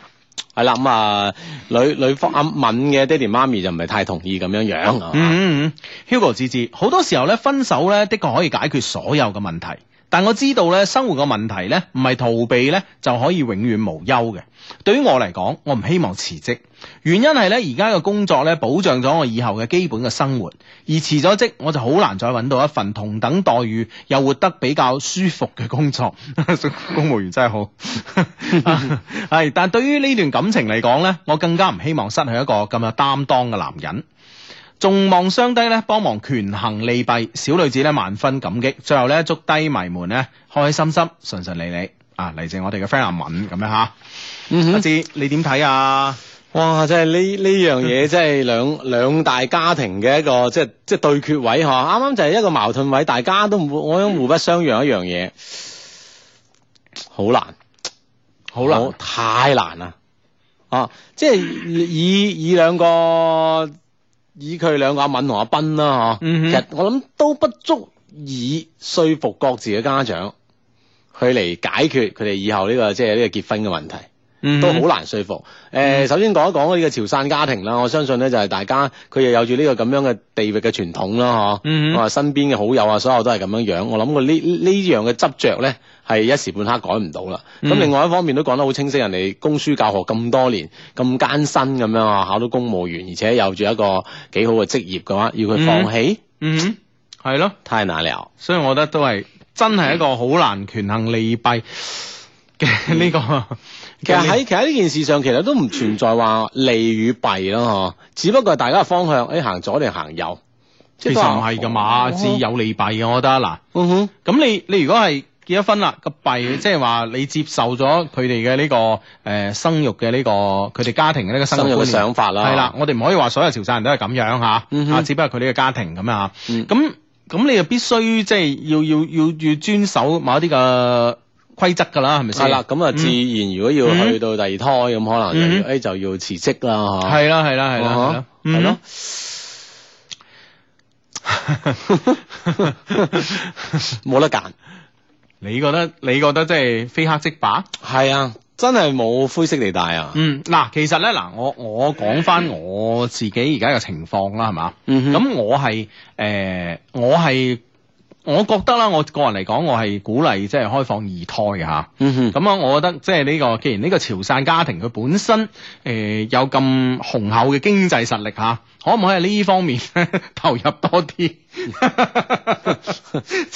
係啦，嗯，咁，嗯嗯嗯呃，啊，女女方阿敏嘅爹哋媽咪就唔係太同意咁樣樣。哦，嗯吧、um,，Hugo 之志，好多時候咧分手咧的確可以解決所有嘅問題。但我知道咧，生活嘅問題咧，唔係逃避咧就可以永遠無憂嘅。對於我嚟講，我唔希望辭職，原因係咧，而家嘅工作咧保障咗我以後嘅基本嘅生活，而辭咗職，我就好難再揾到一份同等待遇又活得比較舒服嘅工作。公 務員真係好，係，但係對於呢段感情嚟講咧，我更加唔希望失去一個咁有擔當嘅男人。眾望相低咧，幫忙權衡利弊，小女子咧萬分感激。最後咧，祝低迷們咧開開心心順順利利啊！嚟自我哋嘅 friend 阿敏咁樣吓。嗯、哼阿志，你點睇啊？哇！真係呢呢樣嘢，真係兩 兩大家庭嘅一個，即係即係對決位嗬。啱啱就係一個矛盾位，大家都唔會，我想互不相讓一樣嘢，好難，難好難，太難啦！啊，即係以以，以兩個。以佢兩個阿敏同阿斌啦，嗬、嗯哼，其實我諗都不足以說服各自嘅家長，去嚟解決佢哋以後呢、這個即係呢個結婚嘅問題，嗯、哼都好難說服。誒、呃，嗯、哼首先講一講呢個潮汕家庭啦，我相信咧就係大家佢又有住呢個咁樣嘅地域嘅傳統啦，嗬、啊，我話、嗯、哼身邊嘅好友啊，所有都係咁樣樣。我諗過呢呢樣嘅執着咧。係一時半刻改唔到啦。咁另外一方面都講得好清晰，人哋供書教學咁多年咁艱辛咁樣啊，考到公務員，而且有住一個幾好嘅職業嘅話，要佢放棄、嗯，嗯，係咯，太難料。所以我覺得都係真係一個好難權衡利弊嘅呢、這個、嗯 其。其實喺其實呢件事上，其實都唔存在話利與弊咯，嗬、嗯。只不過係大家嘅方向，誒、哎、行左定行右，其實唔係噶嘛，哦、自有利弊。我覺得嗱，嗯哼，咁你你如果係。結咗婚啦，個幣即係話你接受咗佢哋嘅呢個誒生育嘅呢個佢哋家庭嘅呢個生育觀念，係啦，我哋唔可以話所有潮汕人都係咁樣吓，啊，只不過佢哋嘅家庭咁啊，咁咁你又必須即係要要要要遵守某一啲嘅規則噶啦，係咪先？係啦，咁啊，自然如果要去到第二胎咁，可能誒就要辭職啦，吓，係啦係啦係啦係咯，係咯，冇得揀。你覺得你覺得即係非黑即白？係啊，真係冇灰色地帶啊！嗯，嗱、啊，其實咧嗱，我我講翻我自己而家嘅情況啦，係嘛、嗯哼？嗯咁我係誒、呃，我係我覺得啦，我個人嚟講，我係鼓勵即係開放二胎嘅嚇。嗯哼，咁啊，我覺得即係呢、這個，既然呢個潮汕家庭佢本身誒、呃、有咁雄厚嘅經濟實力嚇、啊，可唔可以喺呢方面咧 投入多啲？即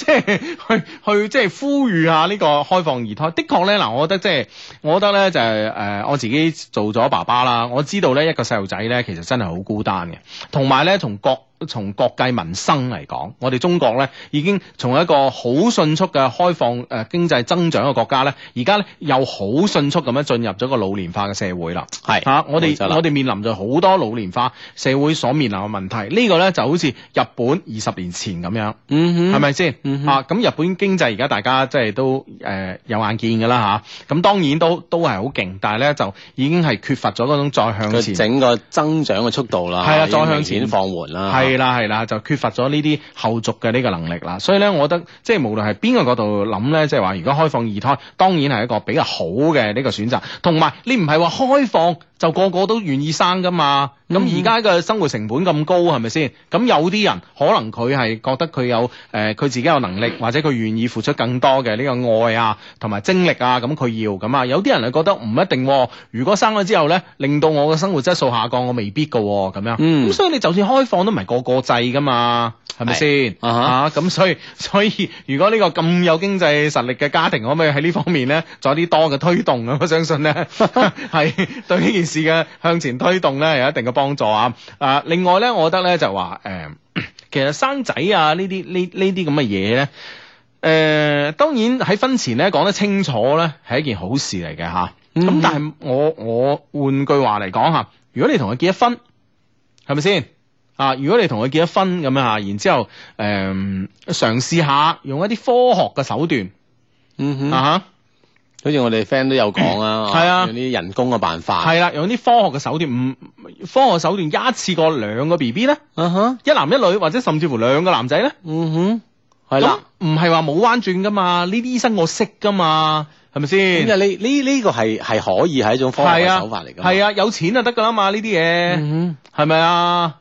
係、 就是、去去即係、就是、呼籲下呢個開放二胎，的確呢，嗱，我覺得即、就、係、是、我覺得呢、就是，就係誒我自己做咗爸爸啦，我知道呢一個細路仔呢，其實真係好孤單嘅，同埋呢，從國從國計民生嚟講，我哋中國呢已經從一個好迅速嘅開放誒經濟增長嘅國家呢，而家呢又好迅速咁樣進入咗個老年化嘅社會啦。係嚇是、啊，我哋我哋面臨咗好多老年化社會所面臨嘅問題。呢、這個呢就好似日本十年前咁樣，係咪先？啊，咁日本經濟而家大家即係都誒有眼見噶啦吓，咁當然都都係好勁，但係咧就已經係缺乏咗嗰種再向前，整個增長嘅速度啦，係啦、啊啊，再向前放緩啦，係啦係啦，就缺乏咗呢啲後續嘅呢個能力啦，所以咧，我覺得即係無論係邊個角度諗咧，即係話如果開放二胎，當然係一個比較好嘅呢個選擇，同埋你唔係話開放就個個個都願意生噶嘛。咁而家嘅生活成本咁高，係咪先？咁有啲人可能佢係覺得佢有誒佢、呃、自己有能力，或者佢願意付出更多嘅呢、這個愛啊，同埋精力啊，咁佢要咁啊。有啲人係覺得唔一定、哦，如果生咗之後咧，令到我嘅生活質素下降，我未必噶咁樣、啊。咁、嗯、所以你就算開放都唔係個個制噶嘛，係咪先？是啊，咁、啊、所以所以，如果呢個咁有經濟實力嘅家庭，可唔可以喺呢方面咧，做啲多嘅推動啊，我相信咧，係 對呢件事嘅向前推動咧，有一定嘅。幫助啊！啊，另外咧，我覺得咧就話，誒、呃，其實生仔啊，呢啲呢呢啲咁嘅嘢咧，誒、呃，當然喺婚前咧講得清楚咧係一件好事嚟嘅吓。咁、啊、但係我我換句話嚟講吓，如果你同佢結咗婚，係咪先啊？如果你同佢結咗婚咁樣吓，然之後誒嘗試下用一啲科學嘅手段，嗯哼啊。啊好似我哋 friend 都有講啊， 啊，用啲人工嘅辦法，係啦、啊，用啲科學嘅手段，唔、嗯、科學手段一次過兩個 B B 咧，哼、uh，huh. 一男一女或者甚至乎兩個男仔咧，uh huh. 嗯哼，係啦、啊，唔係話冇彎轉噶嘛，呢啲醫生我識噶嘛，係咪先？即係你呢呢個係係可以係一種科學嘅手法嚟噶。係、uh huh. 啊，有錢就得噶啦嘛呢啲嘢，係咪啊？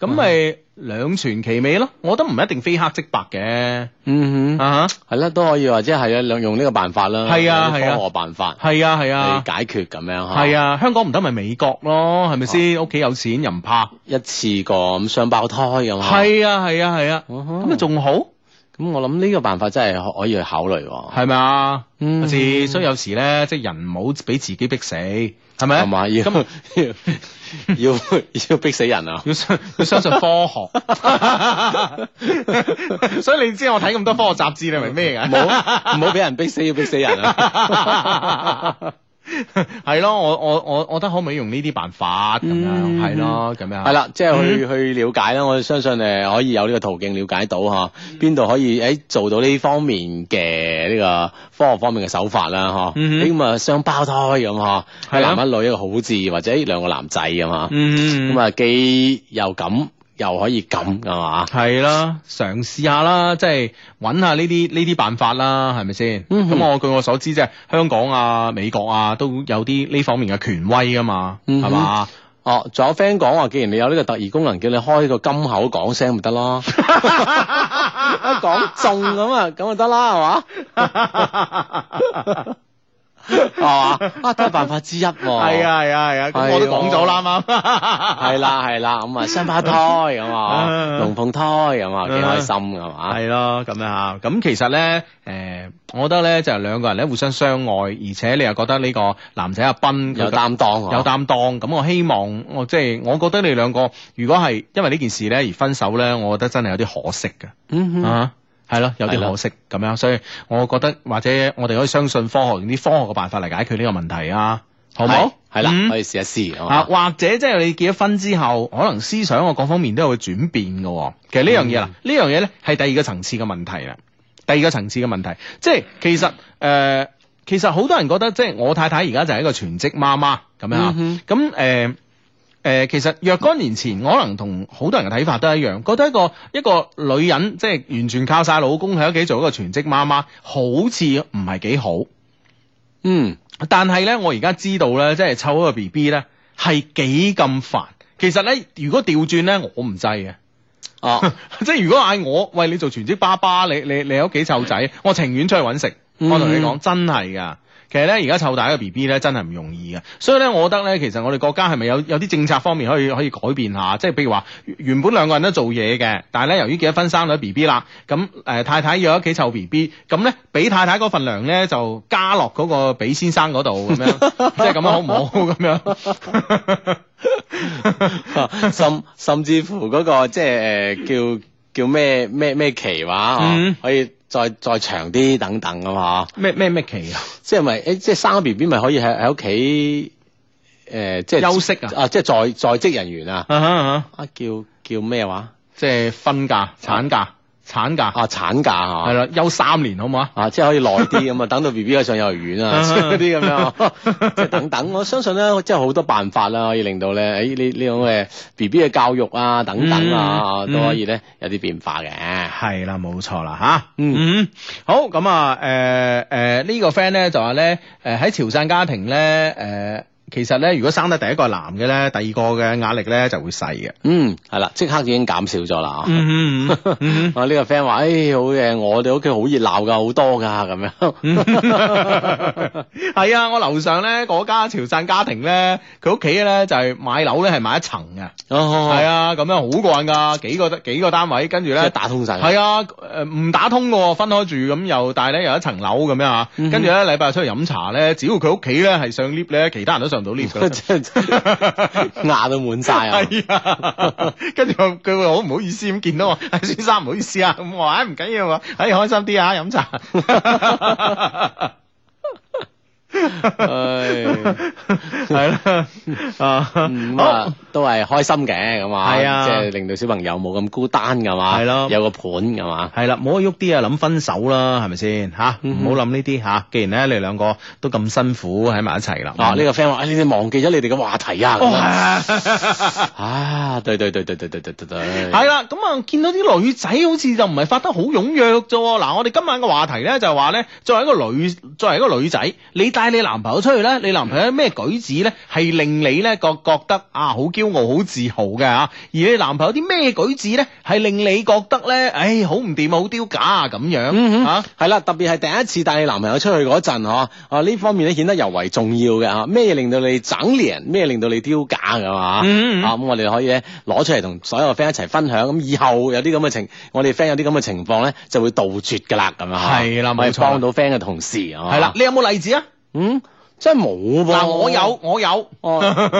咁咪。兩全其美咯，我覺得唔一定非黑即白嘅，嗯哼啊哈，係啦，都可以或者係啊，兩用呢個辦法啦，係啊係啊，科學辦法，係啊係啊，解決咁樣吓，係啊，香港唔得咪美國咯，係咪先？屋企有錢人拍一次過咁雙胞胎咁啊，係啊係啊係啊，咁啊仲好，咁我諗呢個辦法真係可以去考慮，係咪啊？嗯，所以有時咧，即係人唔好俾自己逼死，係咪啊？同埋要。 要要逼死人啊！要 相要相信科學。 所以你知我睇咁多科學雜誌， 你明咩嘢啊？唔好唔好俾人逼死，要逼死人啊！ 係咯， 我我我我覺得可唔可以用呢啲辦法咁樣？係咯、嗯，咁樣係啦，嗯、即係去去了解啦。嗯、我相信誒，可以有呢個途徑了解到吓邊度可以喺做到呢方面嘅呢，這個科學方面嘅手法啦嗬。咁啊，雙、嗯、胞胎咁吓嗬，的男一女一個好字，或者兩個男仔咁嘛。咁啊，嗯嗯、既又咁。又可以咁係嘛？係啦，嘗試下啦，即係揾下呢啲呢啲辦法啦，係咪先？咁、嗯、哼我據我所知即係香港啊、美國啊都有啲呢方面嘅權威㗎嘛，係嘛？哦，仲有 friend 講話，既然你有呢個特異功能，叫你開個金口講聲咪得咯，一講中咁啊，咁啊得啦，係嘛？係嘛、 哦、啊，都係辦法之一。係啊係啊係啊，我都講咗啦，啱唔啱？係啦係啦，咁啊雙胞胎咁啊龍鳳胎咁啊，幾開心噶嘛？係咯，咁樣啊。咁其實咧，誒、呃，我覺得咧就係兩個人咧互相相愛，而且你又覺得呢個男仔阿斌有擔當、啊、當，有擔當。咁我希望我即係我覺得你兩個如果係因為呢件事咧而分手咧，我覺得真係有啲可惜噶。嗯哼。啊係咯，有啲可惜咁的樣，所以我覺得或者我哋可以相信科學，用啲科學嘅辦法嚟解決呢個問題啊，好唔好？係啦，嗯、可以試一試吓、啊，或者即係你結咗婚之後，可能思想啊各方面都有會轉變噶。其實呢樣嘢啦，呢樣嘢咧係第二個層次嘅問題啦，第二個層次嘅問題，即係其實誒，其實好、呃、多人覺得即係我太太而家就係一個全職媽媽咁樣，咁誒、嗯哼。誒、呃，其實若干年前，我可能同好多人嘅睇法都一樣，覺得一個一個女人即係完全靠晒老公喺屋企做一個全職媽媽，好似唔係幾好。嗯，但係咧，我而家知道咧，即係湊一個 B B 咧，係幾咁煩。其實咧，如果調轉咧，我唔制嘅。啊、哦， 即係如果嗌我喂你做全職爸爸，你你你喺屋企湊仔，我情願出去揾食。我同你講，嗯、真係噶。其實咧，而家湊大個 B B 咧，真係唔容易嘅。所以咧，我覺得咧，其實我哋國家係咪有有啲政策方面可以可以改變下？即係譬如話，原本兩個人都做嘢嘅，但係咧，由於結咗婚生女 B B 啦，咁誒、呃、太太要喺屋企湊 B B，咁咧俾太太嗰份糧咧就加落嗰個俾先生嗰度咁樣，樣 即係咁樣好唔好？咁樣， 啊、甚甚至乎嗰、那個即係誒、呃、叫叫咩咩咩奇話，可以、嗯。 再再長啲等等啊嘛！咩咩咩期啊！即係咪？誒、呃，即係生咗 B B 咪可以喺喺屋企誒，即係休息啊！啊，即係在在職人員啊！Uh huh huh. 啊叫叫咩話？即係婚假、產假。Okay. 產假啊，產假係係啦，休三年好唔好啊？啊，即係可以耐啲咁啊，等到 B B 去上幼兒園啊，嗰啲咁樣，即係等等。我相信咧，即係好多辦法啦，可以令到咧喺呢呢種嘅 B B 嘅教育啊等等啊，嗯嗯、都可以咧有啲變化嘅。係啦，冇錯啦，吓，嗯，嗯好，咁啊，誒、呃、誒，呃這個、呢個 friend 咧就話咧，誒喺潮汕家庭咧，誒、呃。其實咧，如果生得第一個男嘅咧，第二個嘅壓力咧就會細嘅。嗯，係啦，即刻已經減少咗啦、嗯。嗯呢 個 friend 話：，誒、哎、好嘢，我哋屋企好熱鬧㗎，好多㗎咁、啊、樣。係 啊， 我樓上咧嗰家潮汕家庭咧，佢屋企咧就係、是、買樓咧係買一層嘅。哦，哦，係啊，咁樣好過癮㗎，幾個幾個單位，跟住咧打通晒。係啊，誒唔打通㗎喎，分開住咁又，但係咧有一層樓咁樣啊。跟住咧禮拜日出去飲茶咧，只要佢屋企咧係上 lift 咧，其他人都 到呢句， 牙都滿滿晒 是啊！係啊，跟住佢，會好唔好意思咁見到我， 先生唔好意思啊！咁話，話唔緊要啊，哎，開心啲啊，飲茶。 係，係啦，啊，都係開心嘅，咁啊，即係令到小朋友冇咁孤單嘅嘛，係咯，有個伴嘅嘛，係啦，唔好喐啲啊諗分手啦，係咪先吓？唔好諗呢啲吓。既然咧你哋兩個都咁辛苦喺埋一齊啦，嗯、啊呢、呢個 friend 話、哎：，你哋忘記咗你哋嘅話題啊？哦，係啊哇， 啊，對對對對對對對對，對， 對，係啦。咁啊見到啲女仔好似就唔係發得好踴躍咋？嗱、啊，我哋今晚嘅話題咧就係話咧，作為一個女，作為一個女仔，你。帶你男朋友出去咧，你男朋友咩舉止咧，係令你咧覺覺得啊好驕傲、好自豪嘅啊。而你男朋友啲咩舉止咧，係令你覺得咧，唉好唔掂、好丟假啊咁樣吓，係啦。特別係第一次帶你男朋友出去嗰陣嗬，啊呢方面咧顯得尤為重要嘅吓。咩令到你整年？咩令到你丟假嘅嘛？啊咁、嗯哲，我哋可以咧攞出嚟同所有 friend 一齊分享。咁以後有啲咁嘅情，我哋 friend 有啲咁嘅情況咧，就會杜絕噶啦咁啊。係啦，冇錯、啊。幫到 friend 嘅同時。係啦。你有冇例子啊？嗯，真係冇噃，嗱我有我有，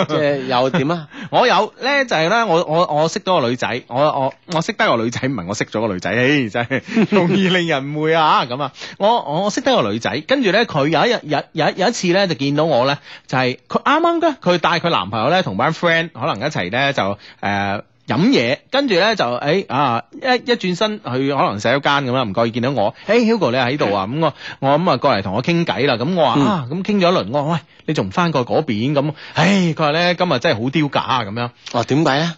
即係又點啊？我有咧就係咧，我我我識到個女仔，我我我識得個女仔，唔係我識咗個女仔，嘿真係容易令人誤會啊咁啊！我我識得個女仔，跟住咧佢有一日有有有一次咧就見到我咧，就係佢啱啱嘅，佢帶佢男朋友咧同班 friend 可能一齊咧就誒。呃飲嘢，跟住咧就誒啊，一一轉身去可能食一間咁啦，唔覺意見到我。誒，Hugo 你又喺度啊？咁我我咁啊過嚟同我傾偈啦。咁我話啊，咁傾咗一輪，我話喂，你仲唔翻過嗰邊？咁，誒，佢話咧今日真係好丟架啊！咁樣，哇，點解咧？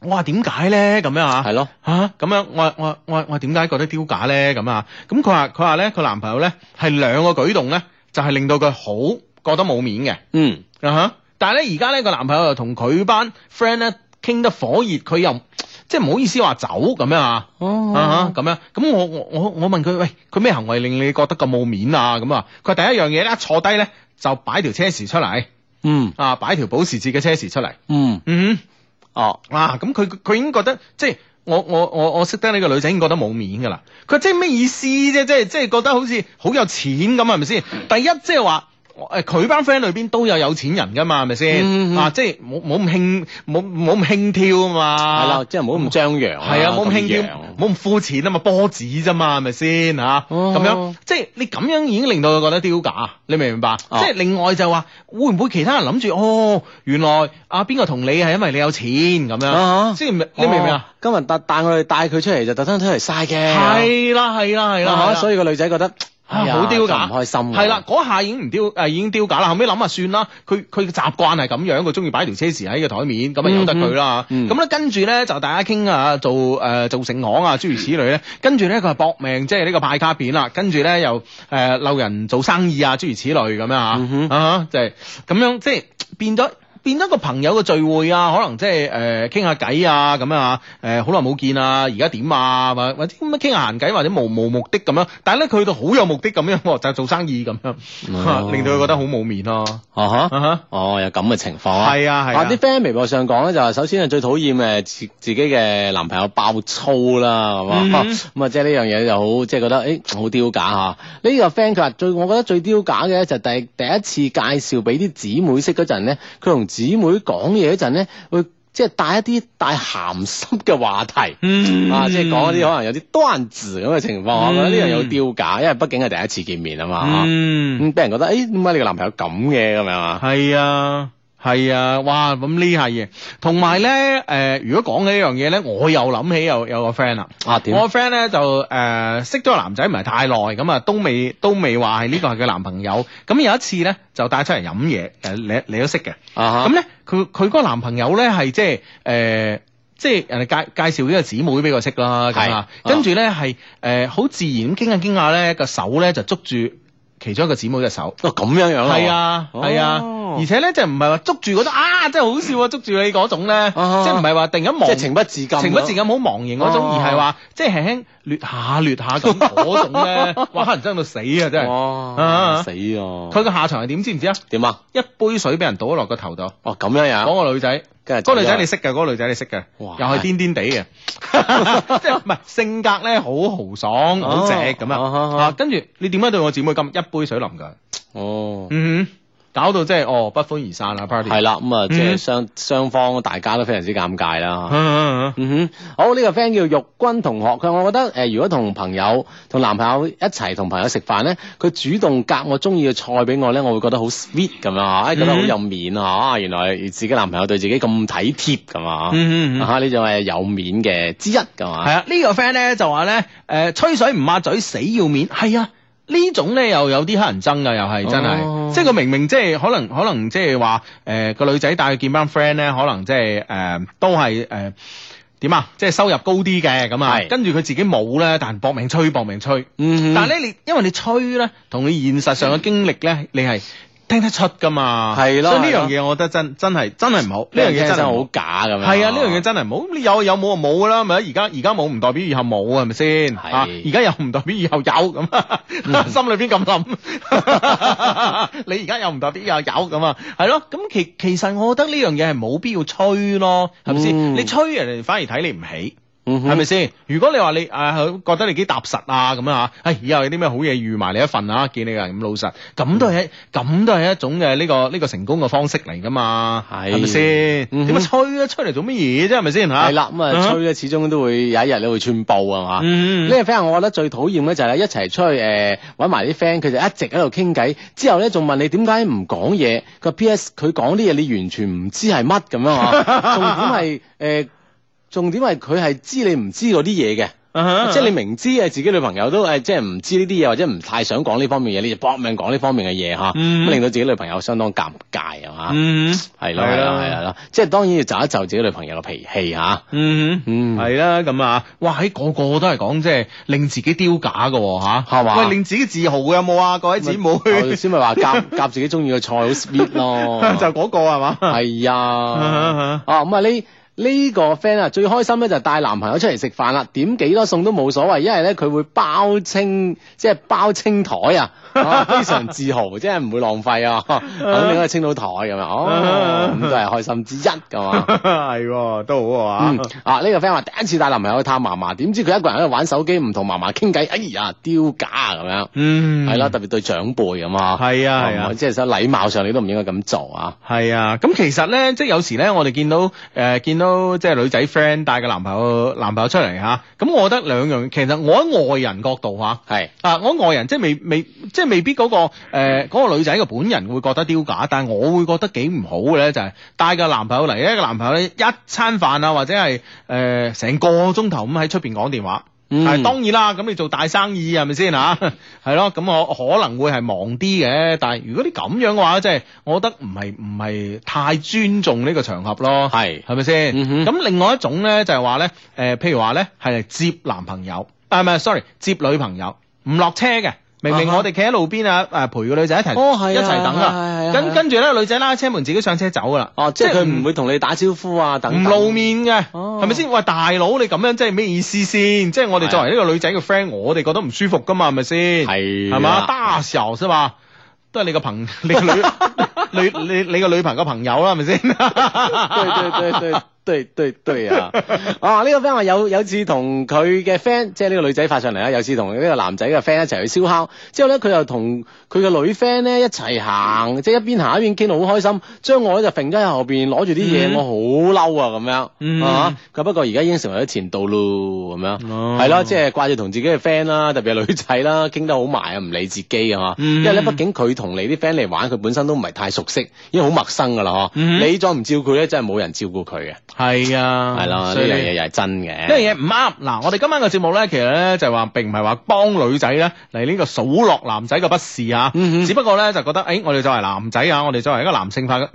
我話點解咧？咁樣吓，係咯？吓咁樣，我話我話我話我點解覺得丟架咧？咁啊？咁佢話佢話咧，佢男朋友咧係兩個舉動咧，就係令到佢好覺得冇面嘅。嗯，啊吓。但係咧，而家呢個男朋友又同佢班 friend 咧傾得火熱，佢又即係唔好意思話走咁樣，哦哦、啊，咁樣，咁我我我我問佢喂，佢咩行為令你覺得咁冇面啊？咁啊，佢第一樣嘢咧坐低咧就擺條車匙出嚟，嗯啊，擺條保時捷嘅車匙出嚟，嗯嗯哦啊，咁佢佢已經覺得即係我我我我識得呢個女仔已經覺得冇面噶啦，佢話即係咩意思啫？即係即係覺得好似好有錢咁係咪先？第一即係話。誒，佢班 friend 裏邊都有有錢人噶嘛，係咪先？啊，即係冇冇咁輕，冇冇咁輕佻啊嘛。係啦，即係冇咁張揚。係啊，冇咁輕佻，冇咁膚淺啊嘛，波子咋嘛，係咪先？吓，咁樣即係你咁樣已經令到佢覺得丟架，你明唔明白？即係另外就話，會唔會其他人諗住哦？原來啊邊個同你係因為你有錢咁樣？即係你明唔明啊？今日帶帶我哋帶佢出嚟，就特登出嚟晒嘅。係啦係啦係啦，所以個女仔覺得。好丟、啊哎、呀架，唔開心。係啦，嗰下已經唔丟，誒、呃、已經丟架啦。後尾諗下算啦。佢佢習慣係咁樣，佢中意擺條車匙喺個台面，咁啊由得佢啦。咁咧跟住咧就大家傾啊，做誒、呃、做成行啊，諸如此類咧。跟住咧佢係搏命，即係呢個派卡片啦。跟住咧又誒溜人做生意啊，諸如此類咁樣嚇。啊，嗯、哼啊就係、是、咁樣，即係變咗。嗯變一個朋友嘅聚會啊，可能即係誒傾下偈啊咁啊，誒好耐冇見啊，而家點啊，或或者咁樣傾下閒偈，或者無無目的咁樣。但係咧佢去到好有目的咁樣，啊，就是、做生意咁樣，令到佢覺得好冇面咯。哦，有咁嘅情況啊。係啊係啊。啲 friend，啊啊啊、微博上講咧就話，首先係最討厭誒自自己嘅男朋友爆粗啦，係嘛。咁啊即係呢樣嘢就好，即、就、係、是、覺得誒好丟架吓。呢、欸啊這個 friend 佢話最我覺得最丟架嘅就第第一次介紹俾啲姊妹識嗰陣咧，佢同姊妹講嘢嗰陣咧，會即係帶一啲帶鹹濕嘅話題、嗯、啊，即係講一啲可能有啲單字咁嘅情況，我覺、嗯、得呢樣有丟架，因為畢竟係第一次見面啊嘛，咁俾、嗯嗯嗯、人覺得，誒點解你個男朋友咁嘅咁樣係咪啊？係啊。係啊，哇！咁呢下嘢，同埋咧，誒，如果講起呢樣嘢咧，我又諗起又有，有個 friend 啦。啊，點？我個 friend 咧就誒、呃、識咗個男仔唔係太耐，咁啊都未都未話係呢個係佢男朋友。咁有一次咧就帶出嚟飲嘢，誒你你都識嘅。啊哈、uh！咁咧佢佢嗰個男朋友咧係即係誒即係人哋介介紹個呢個姊妹俾我識啦。係。跟住咧係誒好自然咁傾下傾下咧個手咧就捉住。其中一個姊妹嘅手，哦咁樣樣啊，係啊，係啊，哦、而且咧就唔係話捉住嗰種，啊真係好笑啊，捉住你嗰種咧，即係唔係話定咁忘，即係情不自禁，情不自禁好忘形嗰種，啊、而係話即係輕輕。劣下劣下咁嗰種咧，哇！黑人憎到死啊，真係啊死啊！佢個下場係點？知唔知啊？點啊？一杯水俾人倒落個頭度。哦，咁樣樣。嗰個女仔，嗰個女仔你識嘅，嗰個女仔你識嘅。哇！又係癲癲地嘅，即係唔係性格咧好豪爽，好直咁樣！跟住你點解對我姊妹咁一杯水淋㗎？哦，嗯。哼。搞到即、就、係、是、哦，不歡而散啦！Party 係 啦，咁、嗯、啊，即係雙雙方大家都非常之尷尬啦。 嗯、哼，好呢、這個 friend 叫玉君同學，佢我覺得誒、呃，如果同朋友、同男朋友一齊同朋友食飯咧，佢主動夾我中意嘅菜俾我咧，我會覺得好 sweet 咁樣啊、哎，覺得好有面 啊！原來自己男朋友對自己咁體貼咁 啊！嚇，呢種係有面嘅之一㗎嘛。係 啊，這個、呢個 friend 咧就話咧誒，吹水唔抹嘴，死要面，係啊。種呢種咧又有啲黑人憎㗎，又係真係，哦、即係佢明明即係可能可能即係話誒個女仔帶佢見班 friend 咧，可能即係誒、呃呃、都係誒點啊，即係收入高啲嘅咁啊，跟住佢自己冇咧，但係搏命吹，搏命吹，嗯、哼但係咧你因為你吹咧，同你現實上嘅經歷咧，你係。 聽得出噶嘛，係咯的。所以呢樣嘢，我覺得真的真係真係唔好。呢樣嘢真係好假咁樣。係的啊，呢樣嘢真係唔好。你有有冇就冇噶啦，咪而家而家冇唔代表以後冇啊，係咪先？係。而家又唔代表以後有咁，心裏邊咁諗。 你而家又唔代表以後有咁啊？係咯。咁其其實我覺得呢樣嘢係冇必要吹咯，係咪先？嗯、你吹人哋反而睇你唔起。嗯，係咪先？如果你話你誒、呃，覺得你幾踏實啊咁啊吓？誒，以後有啲咩好嘢預埋你一份啊，見你嘅咁老實，咁都係，咁、嗯、都係一種嘅呢、呢個呢、呢個成功嘅方式嚟噶嘛？係咪先？點解吹咧出嚟做乜嘢啫？係咪先吓？係啦，咁啊吹咧，始終都會有一日你會寸步啊嘛。呢、嗯、個 friend 我覺得最討厭咧就係一齊出去誒搵埋啲 friend，佢就一直喺度傾偈，之後咧仲問你點解唔講嘢？個 P.S. 佢講啲嘢你完全唔知係乜咁樣啊。重 點係誒。呃呃重點係佢係知你唔知嗰啲嘢嘅，即係你明知係自己女朋友都誒，即係唔知呢啲嘢，或者唔太想講呢方面嘢，你就搏命講呢方面嘅嘢吓，咁令到自己女朋友相當尷尬係嘛？係咯係咯，即係當然要就一就自己女朋友嘅脾氣吓，嗯嗯，係啦咁啊，哇，喺個個都係講即係令自己丟架嘅吓，係嘛？喂，令自己自豪嘅有冇啊各位姊妹先？咪，話夾夾自己中意嘅菜好 sweet 咯，就嗰個係嘛？係啊，啊咁啊呢。呢個 friend 啊，最開心咧就帶男朋友出嚟食飯啦，點幾多餸都冇所謂，因為咧佢會包清，即係包清台啊！非常自豪，即係唔會浪費啊！肯定可以清到台咁樣，嗯，哦，咁都係開心之一，係嘛？係，都好啊！啊、那個，呢個 friend 話第一次帶男朋友去探嫲嫲，點知佢一個人喺度玩手機，唔同嫲嫲傾偈，哎呀，丟架啊！咁樣，嗯，係咯，特別對長輩咁啊，係啊，係啊，即係想禮貌上，你都唔應該咁做啊！係啊，咁其實咧，即係有時咧，我哋見到誒、呃，見到即係女仔 friend 帶個男朋友男朋友出嚟吓，咁、啊、我覺得兩樣，其實我喺外人角度吓，係是啊，我外人即係未未，未即係。未必嗰、那個誒嗰、呃，那個女仔個本人會覺得丟架，但係我會覺得幾唔好嘅咧，就係、是、帶個男朋友嚟咧，一個男朋友咧一餐飯啊，或者係誒成個鐘頭咁喺出邊講電話，話、嗯。係當然啦，咁你做大生意係咪先吓，係咯，咁 我可能會係忙啲嘅，但係如果你咁樣嘅話，即係我覺得唔係唔係太尊重呢個場合咯。係是，係咪先？咁、嗯、哼另外一種咧就係話咧誒譬如話咧係嚟接男朋友，誒、啊、唔係 sorry 接女朋友唔落車嘅。明明我哋企喺路邊啊，誒陪個女仔一齊，一齊等啊。跟跟住咧，女仔拉車門自己上車走噶啦。哦，即係佢唔會同你打招呼啊，等唔露面嘅，係咪先？喂，大佬，你咁樣即係咩意思先？即係我哋作為一個女仔嘅 friend，我哋覺得唔舒服噶嘛，係咪先？係係嘛，dar 時候啫嘛，都係你個朋，你女女你你個女朋友朋友啦，係咪先？對對對對。對對對啊！ 啊呢、這個 friend 話有有次同佢嘅 friend，即係呢個女仔發上嚟啦。有次同呢、就是、個，個男仔嘅 friend 一齊去燒烤，之後咧佢就同佢嘅女 friend 咧一齊行，即、就、係、是、一邊行一邊傾到好開心。將我咧就揈咗喺後邊，攞住啲嘢，mm hmm. 我好嬲啊咁樣，係嘛、mm？咁、hmm. 啊、不過而家已經成為咗前度咯，咁樣係咯，即係掛住同自己嘅 friend 啦，特別係女仔啦，傾得好埋啊，唔理自己啊，嘛、mm。Hmm. 因為咧，畢竟佢同你啲 friend 嚟玩，佢本身都唔係太熟悉，已經好陌生噶啦，mm hmm. 你再唔照顧佢咧，真係冇人照顧佢嘅。係啊，係咯，所以呢樣嘢又係真嘅。呢樣嘢唔啱。嗱，我哋今晚嘅節目咧，其實咧就係話並唔係話幫女仔咧嚟，呢個數落男仔嘅不是啊，嗯、哼只不過咧就覺得，誒、哎，我哋作為男仔啊，我哋作為一個男性化嘅，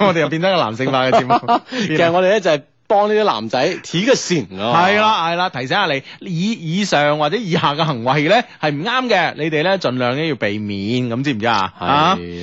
我哋又變咗一個男性化嘅節目。 來其實我哋咧就係。幫呢啲男仔，黐個線咯、啊，係啦係啦，提醒下你，以以上或者以下嘅行為咧，係唔啱嘅，你哋咧盡量咧要避免，咁知唔知啊？係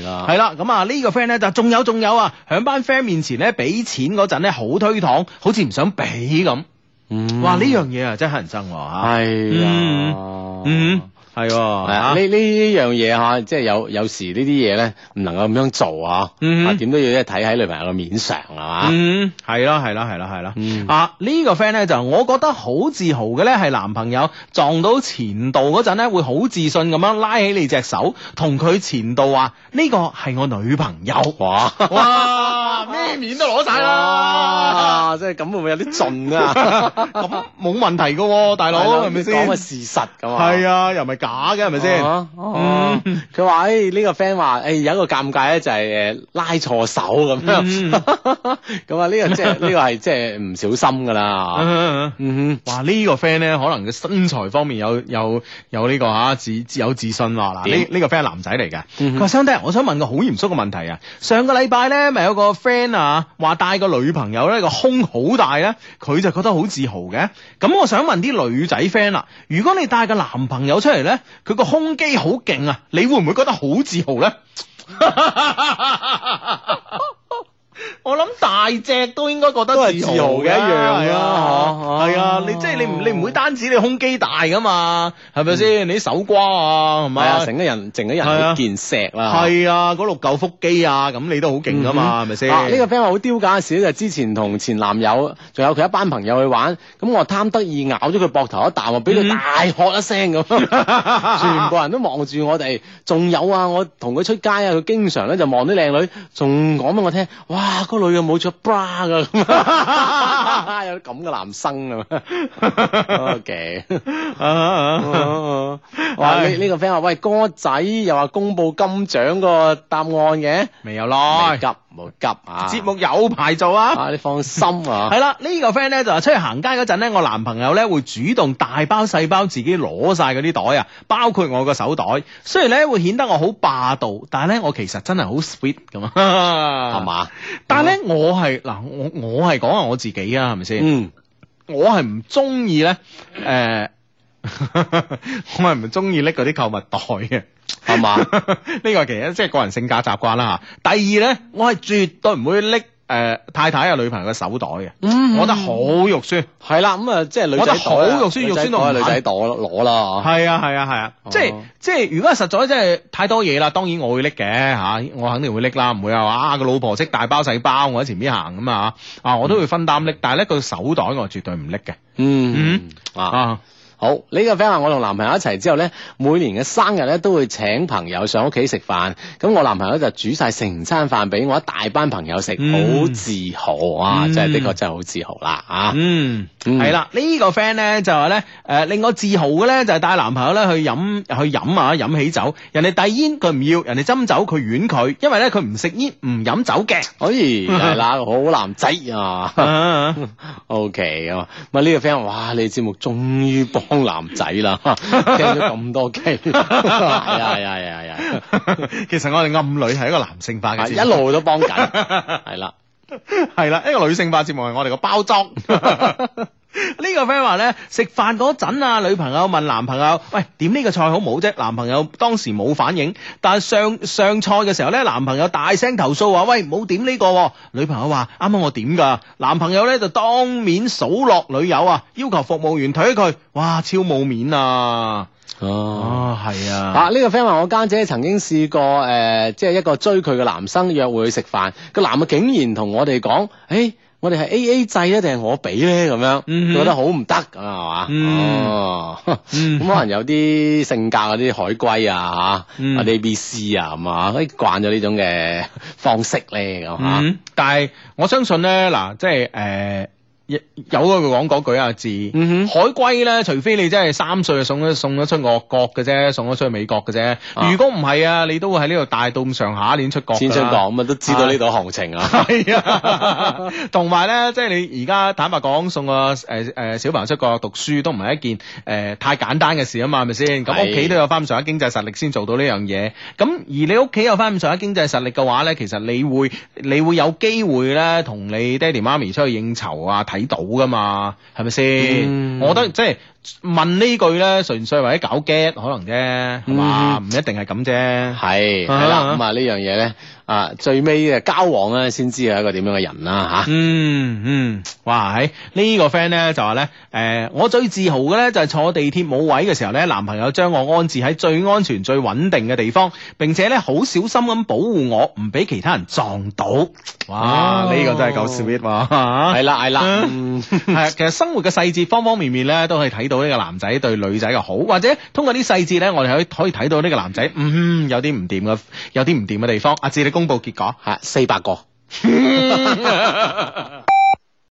啦、啊，係啦、啊，咁啊呢、啊呢個 friend 咧就仲有仲有啊，喺班 friend 面前咧俾錢嗰陣咧好推搪，好似唔想俾咁，嗯、哇呢樣嘢啊真係乞人憎吓、啊，係啊,啊嗯，嗯。係係啊！呢呢樣嘢吓，即係有有時呢啲嘢咧，唔能夠咁樣做啊！嗯，點都要一睇喺女朋友嘅面上啊嘛。嗯，係啦，係啦，係啦，係啦。嗯、啊，這個、呢個 friend 咧，就我覺得好自豪嘅咧，係男朋友撞到前度嗰陣咧，會好自信咁樣拉起你隻手，同佢前度話呢、這個係我女朋友。哇哇，咩 面都攞晒啦！即係咁會唔會有啲盡啊？咁冇問題㗎喎，大佬係咪先講嘅事實咁啊？係啊，又唔係假嘅，係咪先？佢話：誒呢個 friend 話誒有一個尷尬咧，就係誒拉錯手咁樣。咁啊，呢個即係呢個係即係唔小心㗎啦。哇！呢個 friend 咧，可能佢身材方面有有有呢個嚇自有自信話嗱，呢呢個 friend 係男仔嚟嘅。佢話 sir 我想問個好嚴肅嘅問題啊！上個禮拜咧，咪有個 friend 啊話帶個女朋友咧個胸。好大咧，佢就覺得好自豪嘅。咁我想問啲女仔 friend 啦，如果你帶個男朋友出嚟咧，佢個胸肌好勁啊，你會唔會覺得好自豪咧？ 我諗大隻都應該覺得自豪嘅一樣啊，係啊，你即係你唔你唔會單止你胸肌大噶嘛，係咪先？你手瓜啊，係咪啊？成個人成個人健碩啊，係啊，嗰六嚿腹肌啊，咁你都好勁噶嘛，係咪先？呢個 friend 好丟架嘅事，就之前同前男友，仲有佢一班朋友去玩，咁我貪得意咬咗佢膊頭一啖，俾佢大喝一聲咁，全部人都望住我哋。仲有啊，我同佢出街啊，佢經常咧就望啲靚女，仲講俾我聽，哇！啊！個女嘅冇咗，bra 㗎，有啲咁嘅男生啊嘛！O K，哇！呢呢個 friend 話：喂，哥仔又話公佈金獎個答案嘅？未有耐，未急。冇急啊！節目有排做啊，啊！你放心啊！係 啦，這個、呢個 friend 咧就話出去行街嗰陣咧，我男朋友咧會主動大包細包自己攞晒嗰啲袋啊，包括我個手袋。雖然咧會顯得我好霸道，但係咧我其實真係好 sweet 咁啊，係嘛？但係咧我係嗱，我我係講下我自己啊，係咪先？嗯，我係唔中意咧，誒、 呃， 我係唔中意拎嗰啲購物袋嘅。係嘛？呢 個其實即係個人性格習慣啦吓。第二咧，我係絕對唔會拎誒、呃、太太啊女朋友嘅手袋嘅。嗯、我我覺得好肉酸。係啦，咁啊即係女仔好肉酸，肉酸到女仔袋攞啦。係啊係啊係啊！即係即係，如果實在即係太多嘢啦，當然我會拎嘅吓，我肯定會拎啦，唔會話啊個老婆識大包細包，我喺前面行咁啊啊，我都會分擔拎。但係咧個手袋我絕對唔拎嘅。嗯,嗯啊。好呢、這個 friend 話我同男朋友一齊之後咧，每年嘅生日咧都會請朋友上屋企食飯。咁我男朋友就煮晒成餐飯俾我，一大班朋友食，好、嗯、自豪啊！嗯、真係的確真係好自豪啦、啊、吓，嗯，係啦、嗯，這個、呢個 friend 咧就話咧，誒、呃，令我自豪嘅咧就係、是、帶男朋友咧去飲去飲啊，飲喜酒。人哋遞煙佢唔要，人哋斟酒佢婉拒，因為咧佢唔食煙唔飲酒嘅。可以係啦，好男仔啊。O K 啊，咁啊呢個 friend，哇！你節目終於播。男仔啦，傾咗咁多偈，係啊係啊係啊，係啊， 其實我哋暗女係一個男性化嘅， 一路都幫緊，係啦 了，係啦， 一個女性化節目係我哋個包裝。 呢 個 friend 話呢，食飯嗰陣啊，女朋友問男朋友：喂，點呢個菜好冇啫？男朋友當時冇反應，但係上上菜嘅時候呢，男朋友大聲投訴話：喂，冇點呢個、哦！女朋友話：啱啱我點噶。男朋友呢就當面數落女友啊，要求服務員退佢。哇，超冇面啊！哦，係、哦、啊。啊，呢、這個 friend 話，我家姐，姐曾經試過誒、呃，即係一個追佢嘅男生約會去食飯，個男嘅竟然同我哋講：，誒、欸。我哋係 A A 制咧，定係我俾咧咁樣，mm hmm. 覺得好唔得啊嘛？Mm hmm. 哦，咁、mm hmm. 可能有啲性格嗰啲海龜啊吓，啲 A B C 啊，係嘛、mm？可、hmm. 以、啊、慣咗呢種嘅方式咧，咁嚇。Mm hmm. 但係我相信咧，嗱，即係誒。呃有嗰句講嗰句啊字，嗯、哼海歸咧，除非你真係三歲就送咗送咗出外國嘅啫，送咗出去美國嘅啫。啊、如果唔係啊，你都會喺呢度大到咁上下，一年出國先出國咁啊，都知道呢度行情啊。係是啊，同埋咧，即係你而家坦白講，送個誒誒、呃呃、小朋友出國讀書都唔係一件誒、呃、太簡單嘅事啊嘛，係咪先？咁屋企都有翻咁上下經濟實力先做到呢樣嘢。咁而你屋企有翻咁上下經濟實力嘅話咧，其實你會你會，你會有機會咧，同你爹哋媽咪出去應酬啊。啊啊啊啊啊睇到噶嘛，係咪先？我覺得即係。 問呢句咧，純粹係為咗搞 get 可能啫，哇，唔一定係咁啫。係係啦，咁啊呢樣嘢咧，啊最尾嘅交往咧，先知係一個點樣嘅人啦吓。嗯嗯，哇喺呢個 friend 咧就話咧，誒我最自豪嘅咧就係坐地鐵冇位嘅時候咧，男朋友將我安置喺最安全、最穩定嘅地方，並且咧好小心咁保護我，唔俾其他人撞到。哇，呢個真係夠 sweet 喎。係啦係啦，係啊，其實生活嘅細節方方面面咧，都可以睇到。到呢個男仔對女仔嘅好，或者通過啲細節咧，我哋可以可以睇到呢個男仔，嗯，有啲唔掂嘅，有啲唔掂嘅地方。阿志，你公布結果吓，四百個。